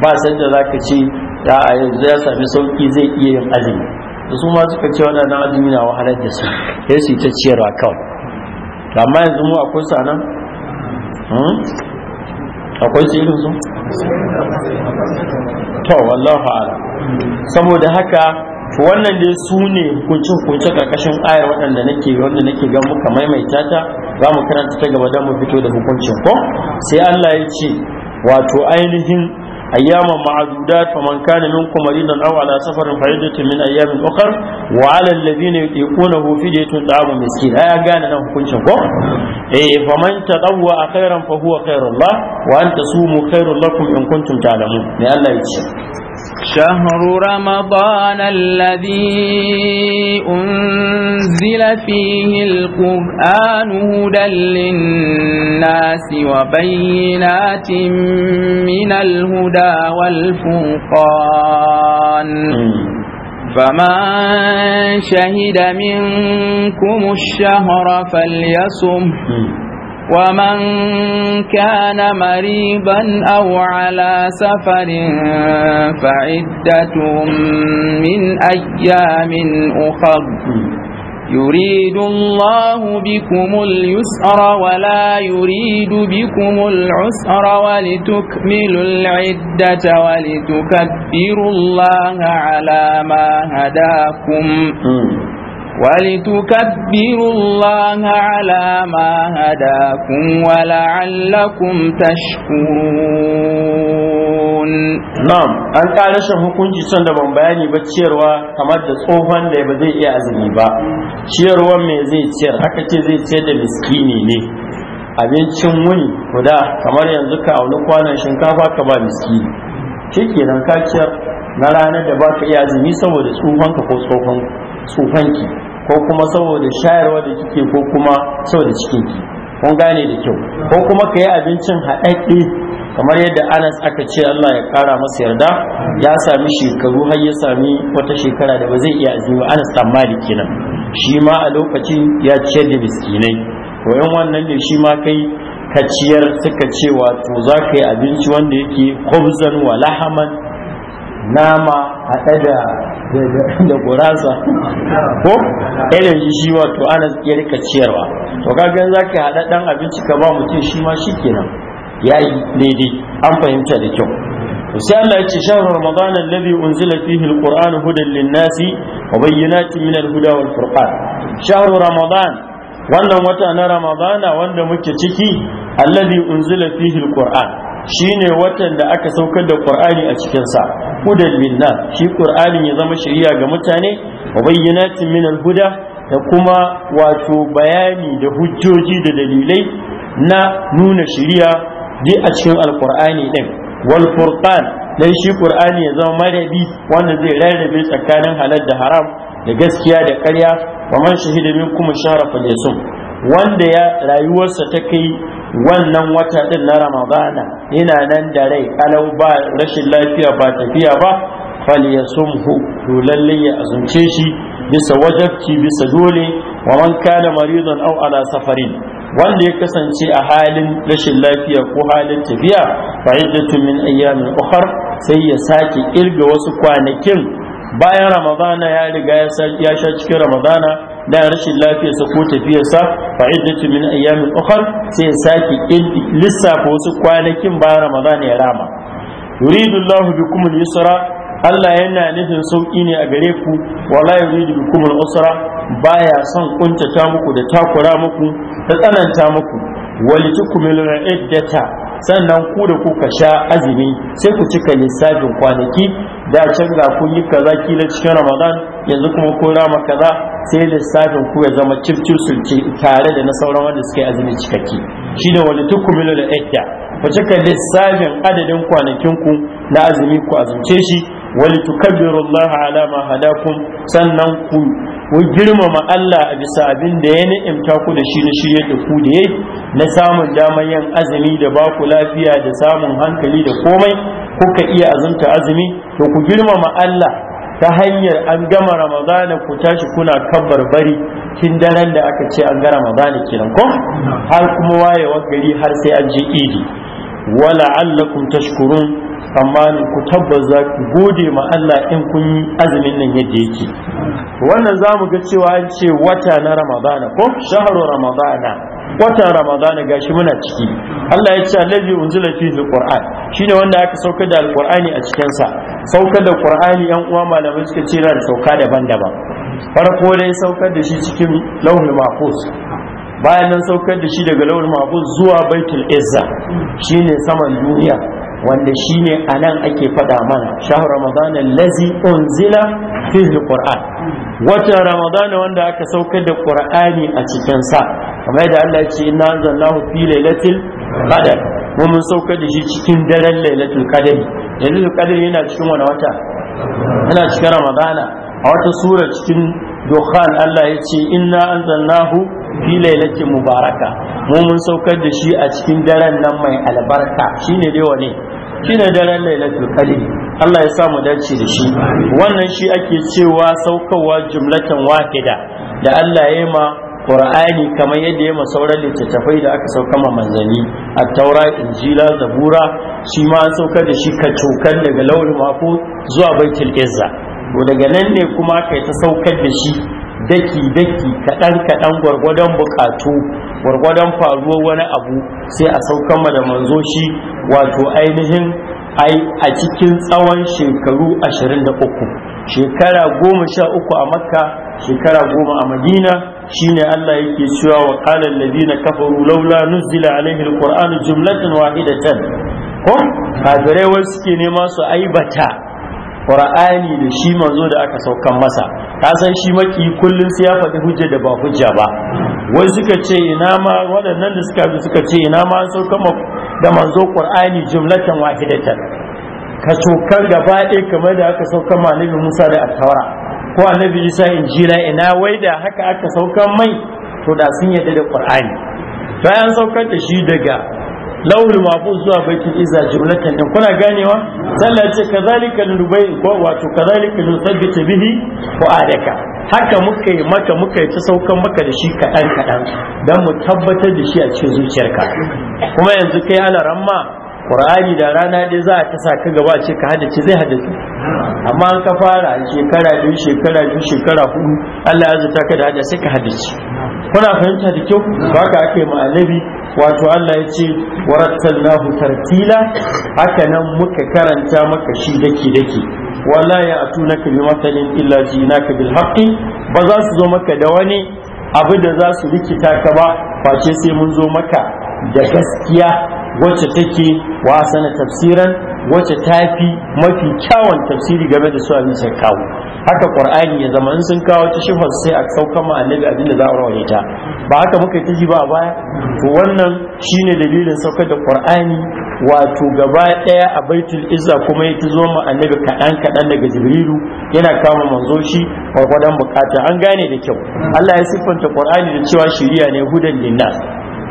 ba san za ka ce ya a yanzu ya sami sauki zai iya yin azumi da su ma suka ce wannan na azumi na wahalar da su ya su ta wa kawai amma yanzu mu akwai sanan hmm? akwai su irin su to wallahu ala saboda haka wannan dai su ne hukunce-hukunce karkashin ayar waɗanda nake wanda nake ga muka maimaita ta za mu karanta ta gaba don mu fito da hukuncin ko sai Allah ya ce wato ainihin ayyaman ma'adudat fa man kana minkum maridan aw ala safarin fa iddatun min ayyamin ukhra wa 'ala alladhina yuqunahu fidyatun ta'amu miskin ai gane nan hukuncin ko eh fa man tadawwa khairan fa huwa khairullah wa an tasumu khairul lakum in kuntum ta'lamun ne Allah ya ce شهر رمضان الذي أنزل فيه القرآن هدى للناس وبينات من الهدى والفرقان فمن شهد منكم الشهر فليصم ومن كان مريبا أو على سفر فعدة من أيام أخر يريد الله بكم اليسر ولا يريد بكم العسر ولتكملوا العدة ولتكبروا الله على ما هداكم ولتكبروا الله على ما هداكم ولعلكم تشكرون نعم an ƙara shan hukunci sanda ban bayani ba ciyarwa kamar da tsohon da ba zai iya azumi ba ciyarwa me zai ciyar haka ce zai ciyar da miskini ne abincin wuni guda kamar yanzu ka auni kwanan shinkafa ka ba miskini nan ka ciyar na ranar da baka iya azumi saboda tsohonka ko tsohon tsufanki ko kuma saboda shayarwa da kike ko kuma saboda cikin ki kun gane da kyau ko kuma ka yi abincin haɗaɗɗe kamar yadda anas aka ce allah ya ƙara masa yarda ya sami shekaru har ya sami wata shekara da ba zai iya azumi anas dan malik kenan shi ma a lokacin ya ciyar da miskinai to yan wannan ne shi ma kai ka ciyar suka ce wato za ka yi abinci wanda yake khubzan wa lahaman nama haɗe da da gurasa ko irin shi shi wato ana ya rika ciyarwa to kaga za ka haɗa ɗan abinci ka ba mutum shi ma shi kenan ya yi daidai an fahimta da kyau sai Allah ya ce shahru ramadan alladhi unzila fihi alquran hudan Linnasi, nasi wa bayyinatin min al wal furqan shahru ramadan wannan wata na ramadana wanda muke ciki alladhi unzila fihi alquran shine watan da aka saukar da qur'ani a cikin sa hudan shi qur'anin ya zama shari'a ga mutane wa bayyinatin min al'huda, huda da kuma wato bayani da hujjoji da dalilai na nuna shari'a di a cikin alqur'ani din wal furqan dan shi qur'ani ya zama madadi wanda zai rarrabe tsakanin halar da haram da gaskiya da ƙarya wa man shahida minkum shahra falyasum wanda ya rayuwarsa ta kai wannan wata din na ramadana yana nan da rai alau ba rashin lafiya ba tafiya ba sumhu, to lalle ya azunce shi bisa wajabci bisa dole wa man kana maridan aw ala safarin wanda ya kasance a halin rashin lafiya ko halin tafiya fa iddatun min ayyamin ukhar sai ya sake irga wasu kwanakin bayan ramadana ya riga ya sha cikin ramadana da rashin lafiyarsa ko tafiyarsa fa iddatu min ayyamin ukhar sai saki lissafa wasu kwanakin ba ramadan ya rama yuridu Allahu bikum al-yusra Allah yana nufin sauki ne a gare ku wala yuridu bikum al-usra baya son kuntata muku da takura muku da tsananta muku al iddata sannan ku da kuka sha azumi sai ku cika lissafin kwanaki da can ga kun yi kaza kila cikin ramadan yanzu kuma ko rama kaza sai lissafin ku ya zama cifcif sulci tare da na sauran wanda suka yi azumi cikakke shi da wani milo da ɗaya ku cika lissafin adadin kwanakin ku na azumi ku azumce shi wali tukabbiru Allah ala ma hadakum sannan ku ku girmama Allah a bisa abin da ya ni'imta ku da shi na shirye da ku da yayi na samun damar yin azumi da ba ku lafiya da samun hankali da komai kuka iya azumta azumi to ku girmama Allah ta hanyar an gama ramadana ku tashi kuna kabbar bari tun daren da aka ce an ga ramadana kenan ko har kuma wayewar gari har sai an je idi wala allakum tashkurun amma ku tabbas za ku gode ma Allah in kun yi azumin nan yadda yake wannan za mu ga cewa an ce wata na ramadana ko shahru ramadana watan ramadana gashi muna ciki Allah ya ce allazi unzila fihi alquran shine wanda aka sauka da alqurani a cikin sa sauka da qur'ani yan uwa malamai suka ce da sauka daban-daban farko dai saukar da shi cikin lauhul mahfuz bayan nan saukar da shi daga lauhul mahfuz zuwa baitul izza shine saman duniya wanda shine anan ake faɗa mana shahar ramadana allazi unzila fihi alquran watan ramadana wanda aka saukar da qur'ani a cikin sa kamar yadda Allah ya ce inna anzalnahu fi lailatul qadr mun mun saukar da shi cikin daren lailatul qadr lailatul qadr yana cikin wani wata yana cikin ramadana a wata sura cikin dukhan Allah ya ce inna anzalnahu fi lailatin mubaraka mun mun saukar da shi a cikin daren nan mai albarka shine dai wane shine daren lailatul qadr Allah ya samu dace da shi wannan shi ake cewa saukarwa jumlatan wahida da Allah ya yi ma qur'ani kamar yadda ya masauran littattafai da aka sauka ma manzanni at-taura injila zabura shi ma an sauka da shi ka daga lawul mako zuwa baitul izza to daga nan ne kuma kai ta saukar da shi daki daki kaɗan kaɗan gwargwadon bukatu gwargwadon faruwar wani abu sai a saukan ma da manzo shi wato ainihin ai a cikin tsawon shekaru 23 shekara goma sha uku a makka shekara goma a madina shine Allah yake cewa wa qala alladhina kafaru laula nuzila alaihi alquran jumlatan wahidatan ko kafirai wasu suke nema su aibata qur'ani da shi manzo da aka saukan masa ka san shi maki kullum sai ya faɗi hujja da ba hujja ba wai suka ce ina ma waɗannan da suka suka ce ina ma saukan da manzo qur'ani jumlatan wahidatan ka sokar gaba ɗaya kamar da aka saukar ma musa da attawara ko annabi isa Injira, ina wai da haka aka saukar mai to da sun yadda da qur'ani bayan saukar da shi daga lauhul mahfuz zuwa baitul iza jumlatan din kuna ganewa sallah ce kazalika nubai ko wato kazalika nusabbitu bihi wa adaka haka muka yi maka muka yi ta saukan maka da shi kaɗan kaɗan don mu tabbatar da shi a cikin zuciyarka kuma yanzu kai ana ramma qur'ani da rana dai za a ta sa ka gaba ce ka ce zai haddace amma an ka fara shekara biyu shekara biyu shekara hudu Allah ya zata ka da hadda sai ka haddace kuna fahimta da kyau ba ka ake ma annabi wato Allah ya ce warattalnahu tartila haka nan muka karanta maka shi dake dake a ya atunaka bi masalin illa jinaka bil haqqi ba za su zo maka da wani abu da za su rikita ka ba face sai mun zo maka da gaskiya wacce take wa sana tafsiran wacce ta fi mafi kyawun tafsiri game da su a bisa kawo haka qur'ani ya zama in sun kawo ta shifar sai a sauka ma annabi abin da za a rawaye ta ba haka muka ta ji ba a baya to wannan shine dalilin saukar da qur'ani wato gaba daya a baitul izza kuma ya ta zo ma annabi kaɗan kaɗan daga jibrilu yana kama manzo shi gwargwadon bukata an gane da kyau Allah ya siffanta qur'ani da cewa shiriya ne hudan linnas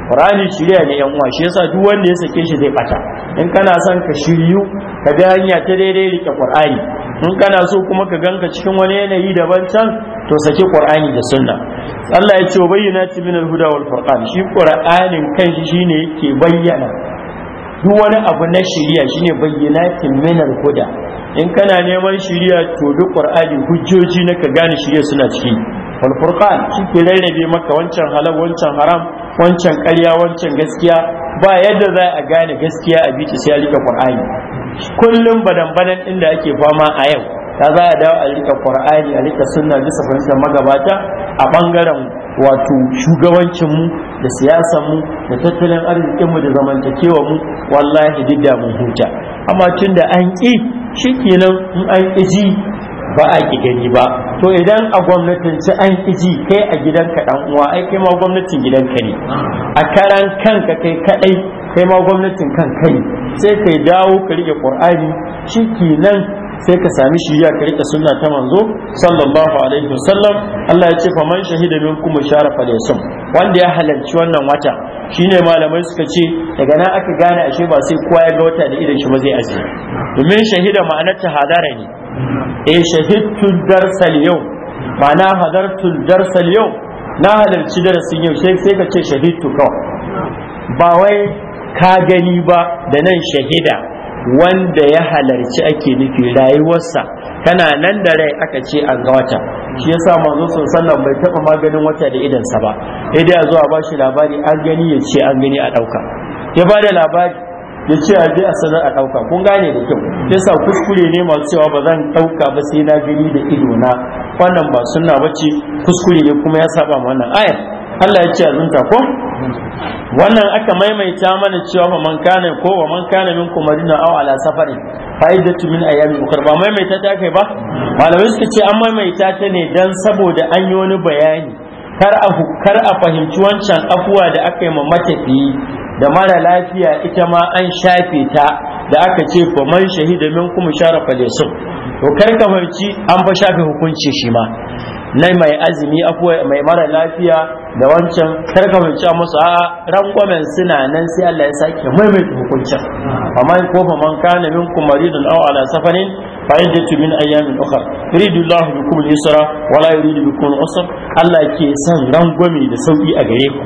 Qur'ani shirya ne yan uwa shi yasa duk wanda ya sake shi zai bata in kana son ka shiryu ka ga hanya ta daidai rike Qur'ani in kana so kuma ka ganka cikin wani yanayi daban can to saki Qur'ani da sunna Allah ya ce bayyana bayyinati min al-huda wal furqan shi Qur'anin kanshi shine yake bayyana duk wani abu na shirya shine bayyana min al-huda in kana neman shirya to duk Qur'ani hujjoji na ka gane shirya suna ciki wal furqan shi ke rarrabe maka wancan halal wancan haram wancan ƙarya wancan gaskiya ba yadda za a gane gaskiya a bita sai a rika qur'ani kullum badan badan inda ake fama a yau ta za a dawo a rika qur'ani a rika sunna bisa fahimtar magabata a ɓangaren wato shugabancinmu da siyasanmu da tattalin arzikinmu da zamantakewarmu wallahi duk da mun huta amma tun da an ƙi kenan in an ƙi ji ba a ki gani ba to idan a gwamnatin ci an ji kai a gidanka dan uwa ai kai ma gwamnatin gidanka ne a karan kanka kai kaɗai, kai ma gwamnatin kan kai sai kai dawo ka rike ciki nan sai ka sami shi ya ka rike sunna ta manzo sallallahu alaihi wasallam Allah ya ce fa man shahida minkum shara yasum wanda ya halarci wannan wata shine malamai suka ce daga nan aka gane ashe ba sai kowa ya ga wata da idan shi ba zai aje domin shahida ma'anar ta hadara ne eh shahidtu darsal yau ba ma'ana hadartu darsal yau na halarci darasin yau sai sai ka ce shahidtu ka ba wai ka gani ba da nan shahida wanda ya halarci ake nufi rayuwarsa kana nan da rai aka ce an ga wata shi yasa manzo sun sallan bai taba maganin wata da sa ba sai dai a zo a bashi labari an gani ya ce an gani a dauka ya bada labari ya ce a je a sanar a ɗauka kun gane da kyau yasa kuskure ne masu cewa ba zan ɗauka ba sai na gani da ido na wannan ba sunna ce kuskure ne kuma ya saba ma wannan ayar Allah ya ce a zunta ko wannan aka maimaita mana cewa ba man kana ko wa man kana min kumarina aw ala safarin fa'idatu min ayami ukhra ba maimaita ta kai ba malamai suka ce an maimaita ta ne dan saboda an yi wani bayani kar a fahimci wancan afuwa da aka yi ma matafi da mara lafiya ita ma an shafe ta da aka ce fa man shahida min kuma shara falesun to kar ka fahimci an fa shafe hukunci shi ma na mai azumi afuwa mai mara lafiya da wancan kar ka fahimci an musu a'a rangwamen suna nan sai Allah ya sake maimaita hukuncin amma ko fa man kana kuma maridun aw ala safarin ayyamin من أيام أخر يريد الله بكم اليسر yuridu يريد بكم العسر Allah yake rangwame da sauki a gare ku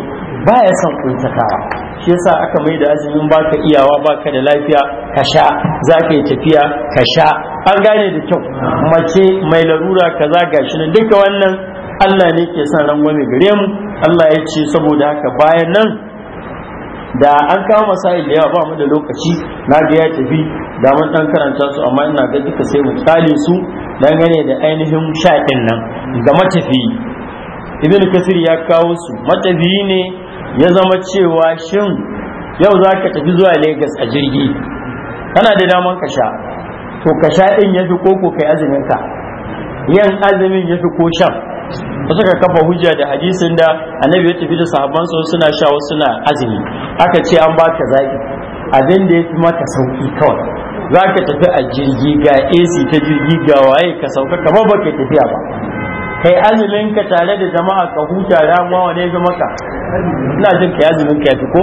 baya son takawa shi yasa aka mai da azumin baka iyawa baka da lafiya ka sha zaka yi tafiya ka sha an gane da kyau mace mai larura kaza gashi nan duka wannan Allah ne ke son rangwame gare mu Allah ya ce saboda haka bayan nan da an kawo masayi da yawa ba mu da lokaci na ga ya tafi da mun dan karanta su amma ina ga duka sai mu tsale su gane da ainihin shaɗin nan ga matafi ibn kasir ya kawo su matafi ne ya zama cewa shin yau za ka tafi zuwa Legas a jirgi kana da daman ka sha to ka sha din ya fi koko kai azumin ka yan azumin ya fi ko shan ba suka kafa hujja da hadisin da annabi ya tafi da sahabban su suna sha wasu suna azumi aka ce an baka zaki abin da ya fi maka sauki kawai za ka tafi a jirgi ga AC ta jirgi ga waye ka sauka kamar ba ka tafiya ba kai azumin ka tare da jama'a ka huta ramuwa wane ga maka ina jin kai azumin ka yafi ko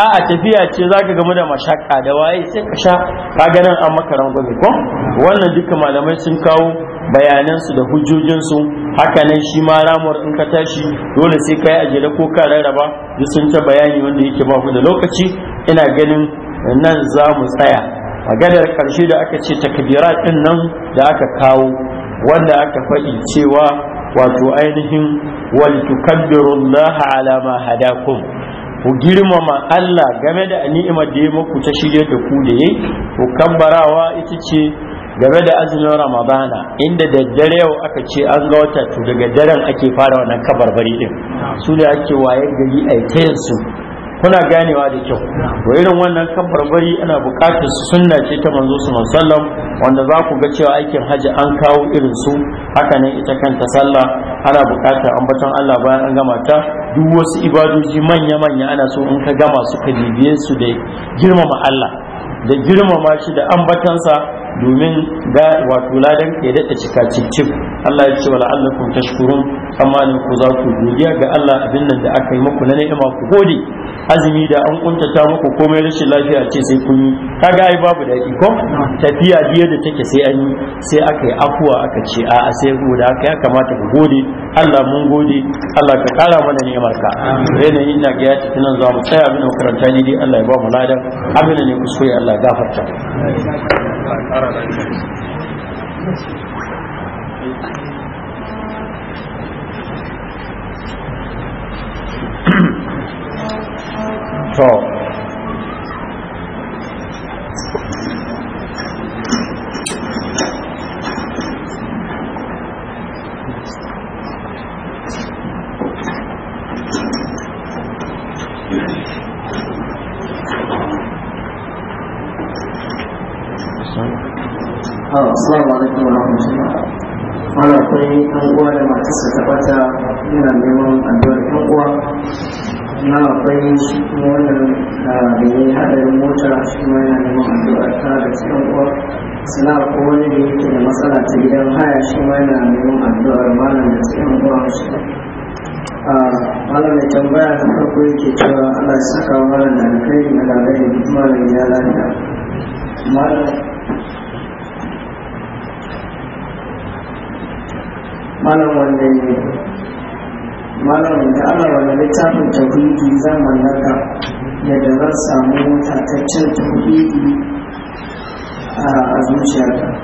a a tafiya ce za ka gamu da mashaka da waye sai ka sha ka ganin an maka rangwame ko wannan duka malamai sun kawo bayanansu da hujjojinsu haka nan shi ma ramuwar in ka tashi dole sai ka yi ajiyar ko ka rarraba duk sun ta bayani wanda yake ba ku da lokaci ina ganin nan za mu tsaya gadar ƙarshe da aka ce takbira ɗin nan da aka kawo wanda aka faɗi cewa wato ainihin walitukabbirullaha ala ma hadakum ku girmama Allah game da ni'imar da ya muku ta shirye da ku da yayi ku kambarawa ita ce game da azumin ramadana inda daddare yau aka ce an ga wata to daga daren ake fara wannan kabarbari din su ne ake wayar gari a su kuna ganewa da kyau to irin wannan kabarbari ana bukatar sunna ce ta manzo su sallam wanda za ku ga cewa aikin haji an kawo irin su haka nan ita kanta sallah ana bukatar ambaton Allah bayan an gama ta duk wasu ibadoji manya manya ana so in ka gama su ka su da girmama Allah da girmama shi da ambatansa domin ga wato ladan ke daɗa cika cikcik Allah ya ce wala annakum tashkurun amma ne ku za ku godiya ga Allah abin nan da aka yi muku na ni'ima ku gode azumi da an kuntata muku komai rashin lafiya ce sai kun yi kaga ai babu daɗi ko tafiya biye da take sai an yi sai aka yi afuwa aka ce a'a sai da haka ya kamata ku gode Allah mun gode Allah ka kara mana ni'imar ka yanayi ina ga ya tafi nan za mu tsaya abin karanta ne dai Allah ya ba mu ladan abin ne kuskure Allah ya gafarta to Assalamu alaikum wa akwai ɗan uwa da matarsa ta bata yana neman addu'ar ɗan uwa. Na akwai wannan da ya yi haɗarin mota shi ma yana neman addu'ar ta da ɗan uwa. Suna ko wani da yake da matsala ta gidan haya shi ma yana neman addu'ar malam da ɗan uwa shi. Ah, malam mai tambaya ta farko yake cewa ana saka malam da alkhairi na lalai malam ya lafiya. Malam malam ne. malam da ana wani littafin tauhidi zan mallaka yadda zan samu tataccen tauhidi a zuciyarka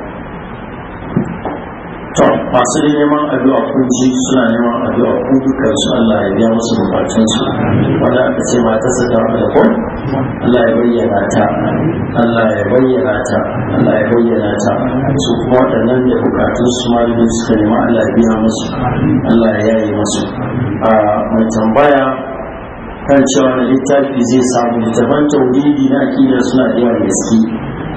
masu neman addu'a ko ji suna neman addu'a ko dukkan su Allah ya biya musu bukatun su wanda aka ce mata su ta da kun Allah ya bayyana ta Allah ya bayyana ta Allah ya bayyana ta su kuma waɗannan da bukatun su ma da suka nema Allah ya biya musu Allah ya yi musu a mai tambaya kan cewa na littafi zai samu littafan tauhidi na akida suna da yawan gaske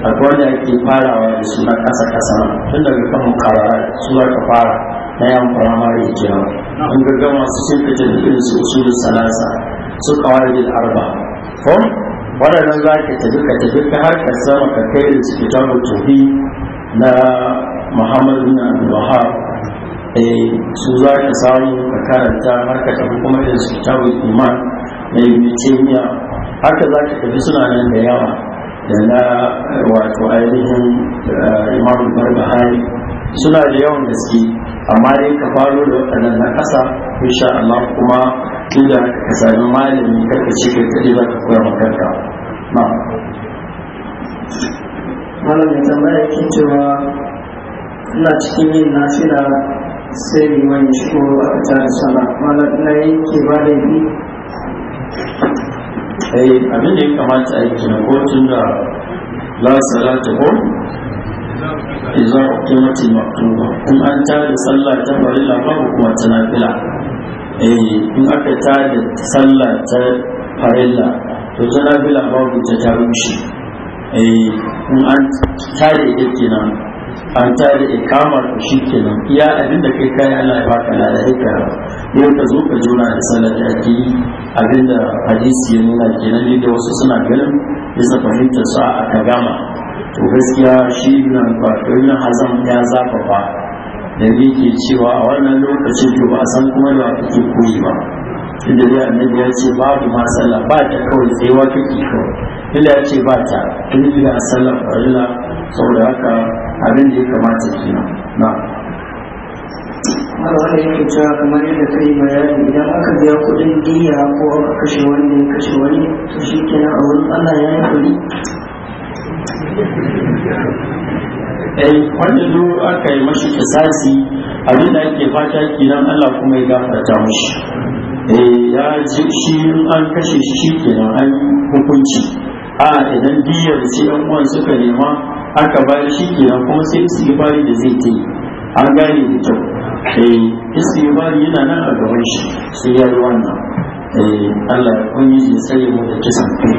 akwai da ake farawa da suna kasa kasa tun daga kan karara su ka fara na yan firamare kenan an gaggan su sun fita da irin su usulu salasa su kawai da arba ko waɗannan za ka tafi ka tafi ka har ka sama ka kai da suke kitabu tuhi na muhammadu na a eh, su za ka samu ka karanta har ka tafi kuma da suke kitabul iman na ibn taymiya haka za ka tafi suna nan da yawa da na wato ainihin eh, imam barbahari suna da yawan gaske amma dai ka faro da waɗannan na ƙasa insha Allah kuma tunda ka sami malami karka ce ka kaɗe za ka koya makarka ma malamin tambaya yake cewa ina cikin yin nasira sai liman shigo a tare sana malam na yanke ba Eh, abin da ya kamata a yi kina kotun da la salatu ko iza uqimatil maktuba in an tada sallah ta farilla babu kuma ta nafila eh in aka tada sallah ta farilla to ta nafila babu ta ta rushe eh in an tada ita kenan an ta da ikamar to shi kenan iya abin da kai kayan Allah ya baka lada yau ka zo ka jona da sallar da ake yi abin da hadisi ya nuna kenan da wasu suna ganin bisa fahimtar su a aka gama to gaskiya shi nan ba na hazam ya zafafa da ni ke cewa a wannan lokacin to ba san kuma da kake koyi ba inda dai annabi ya ce babu ma sallah ba ta kawai sai wa kake kawai inda ya ce ba ta inda da sallah farilla saboda haka abin da ya kamata ke na mara wanda yake cewa kamar yadda yi bayani idan aka biya kuɗin diya ko aka kashe wani ya kashe wani to shi kenan a wurin allah ya yi kuri ai eh, wanda zo aka yi mashi kisasi abin da ake fata kenan allah kuma ya gafarta mashi eh, ya ji shi an kashe shi kenan an hukunci a idan diyar sai yan uwan suka nema aka bayar shi kenan kuma sai istighfari da zai ta yi an gane da kyau eh istighfari yana nan a gaban shi sai ya yi wannan eh Allah ya kunyi ya sani mu da kisan kai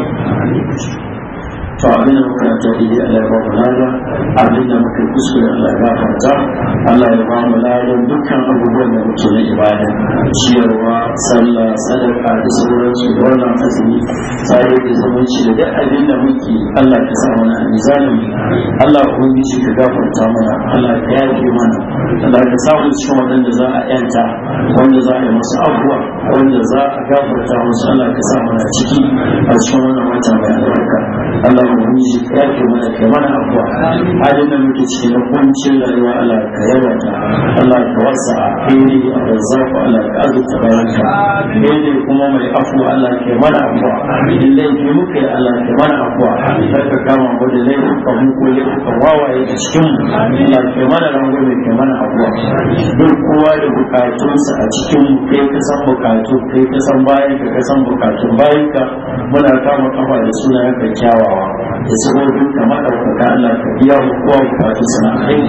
to abin da muka ta dide Allah ba mu lada abin da muka kuskure Allah ya gafarta Allah ya ba mu dukkan abubuwan da muke na ibada ciyarwa sallah sadaka da sauransu da wannan azumi tsare da zumunci da duk abin da muke Allah ka sa mana a mizanin Allah ubangiji ka gafarta mana Allah ka yafe mana Allah ka sa mu waɗanda za a wanda za a yi masu abuwa wanda za a gafarta musu Allah ka sa mana ciki a cikin wannan wata mai albarka Allah Allah ya yi shi mana mana abuwa cikin rayuwa Allah ka yaba ta Allah ka wasa a a razzaku Allah ka azuta bayanka daidai kuma mai Allah mana in laifi Allah mana kama da ka ka wawaye da cikin Allah mana mana duk kowa da bukatunsa a cikin kai ka san bukatu kai ka san bayan ka ka san bukatun bayan ka muna kama kafa da suna yanka kyawawa da sauran duka maɗaukaka Allah ka biya wa kowa bukatu sana kai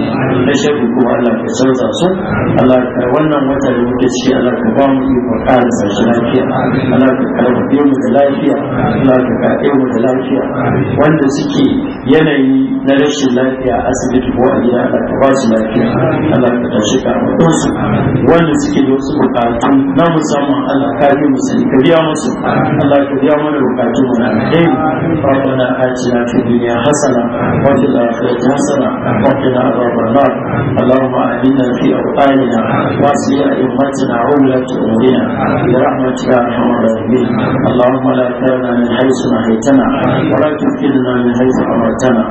na shaɗi kuma Allah ka canza su Allah ka wannan wata da muke ciki Allah ka ba mu iko ƙara sashi lafiya Allah ka karfafe mu da lafiya Allah ka karɓe mu da lafiya wanda suke yanayi na rashin lafiya a asibiti ko a gida Allah ka ba su lafiya Allah ka tashi ka su wanda suke da wasu bukatu na musamman Allah ka bi musu ka biya musu Allah ka biya mana bukatu mana alheri ba mu na aji آتنا في الدنيا حسنة وفي الآخرة حسنة وقنا عذاب النار اللهم آمنا في أوطاننا وأصلح أئمتنا وولاة أمورنا برحمتك يا أرحم الراحمين اللهم لا تكلنا من حيث نهيتنا ولا تفقدنا من حيث أمرتنا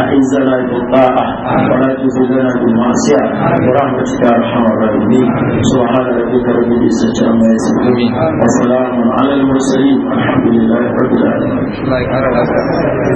أعزنا بالطاعة ولا تفقدنا بالمعصية برحمتك يا أرحم الراحمين سبحان ربك رب العزة عما يصفون وسلام على المرسلين الحمد لله رب العالمين Like, I don't know.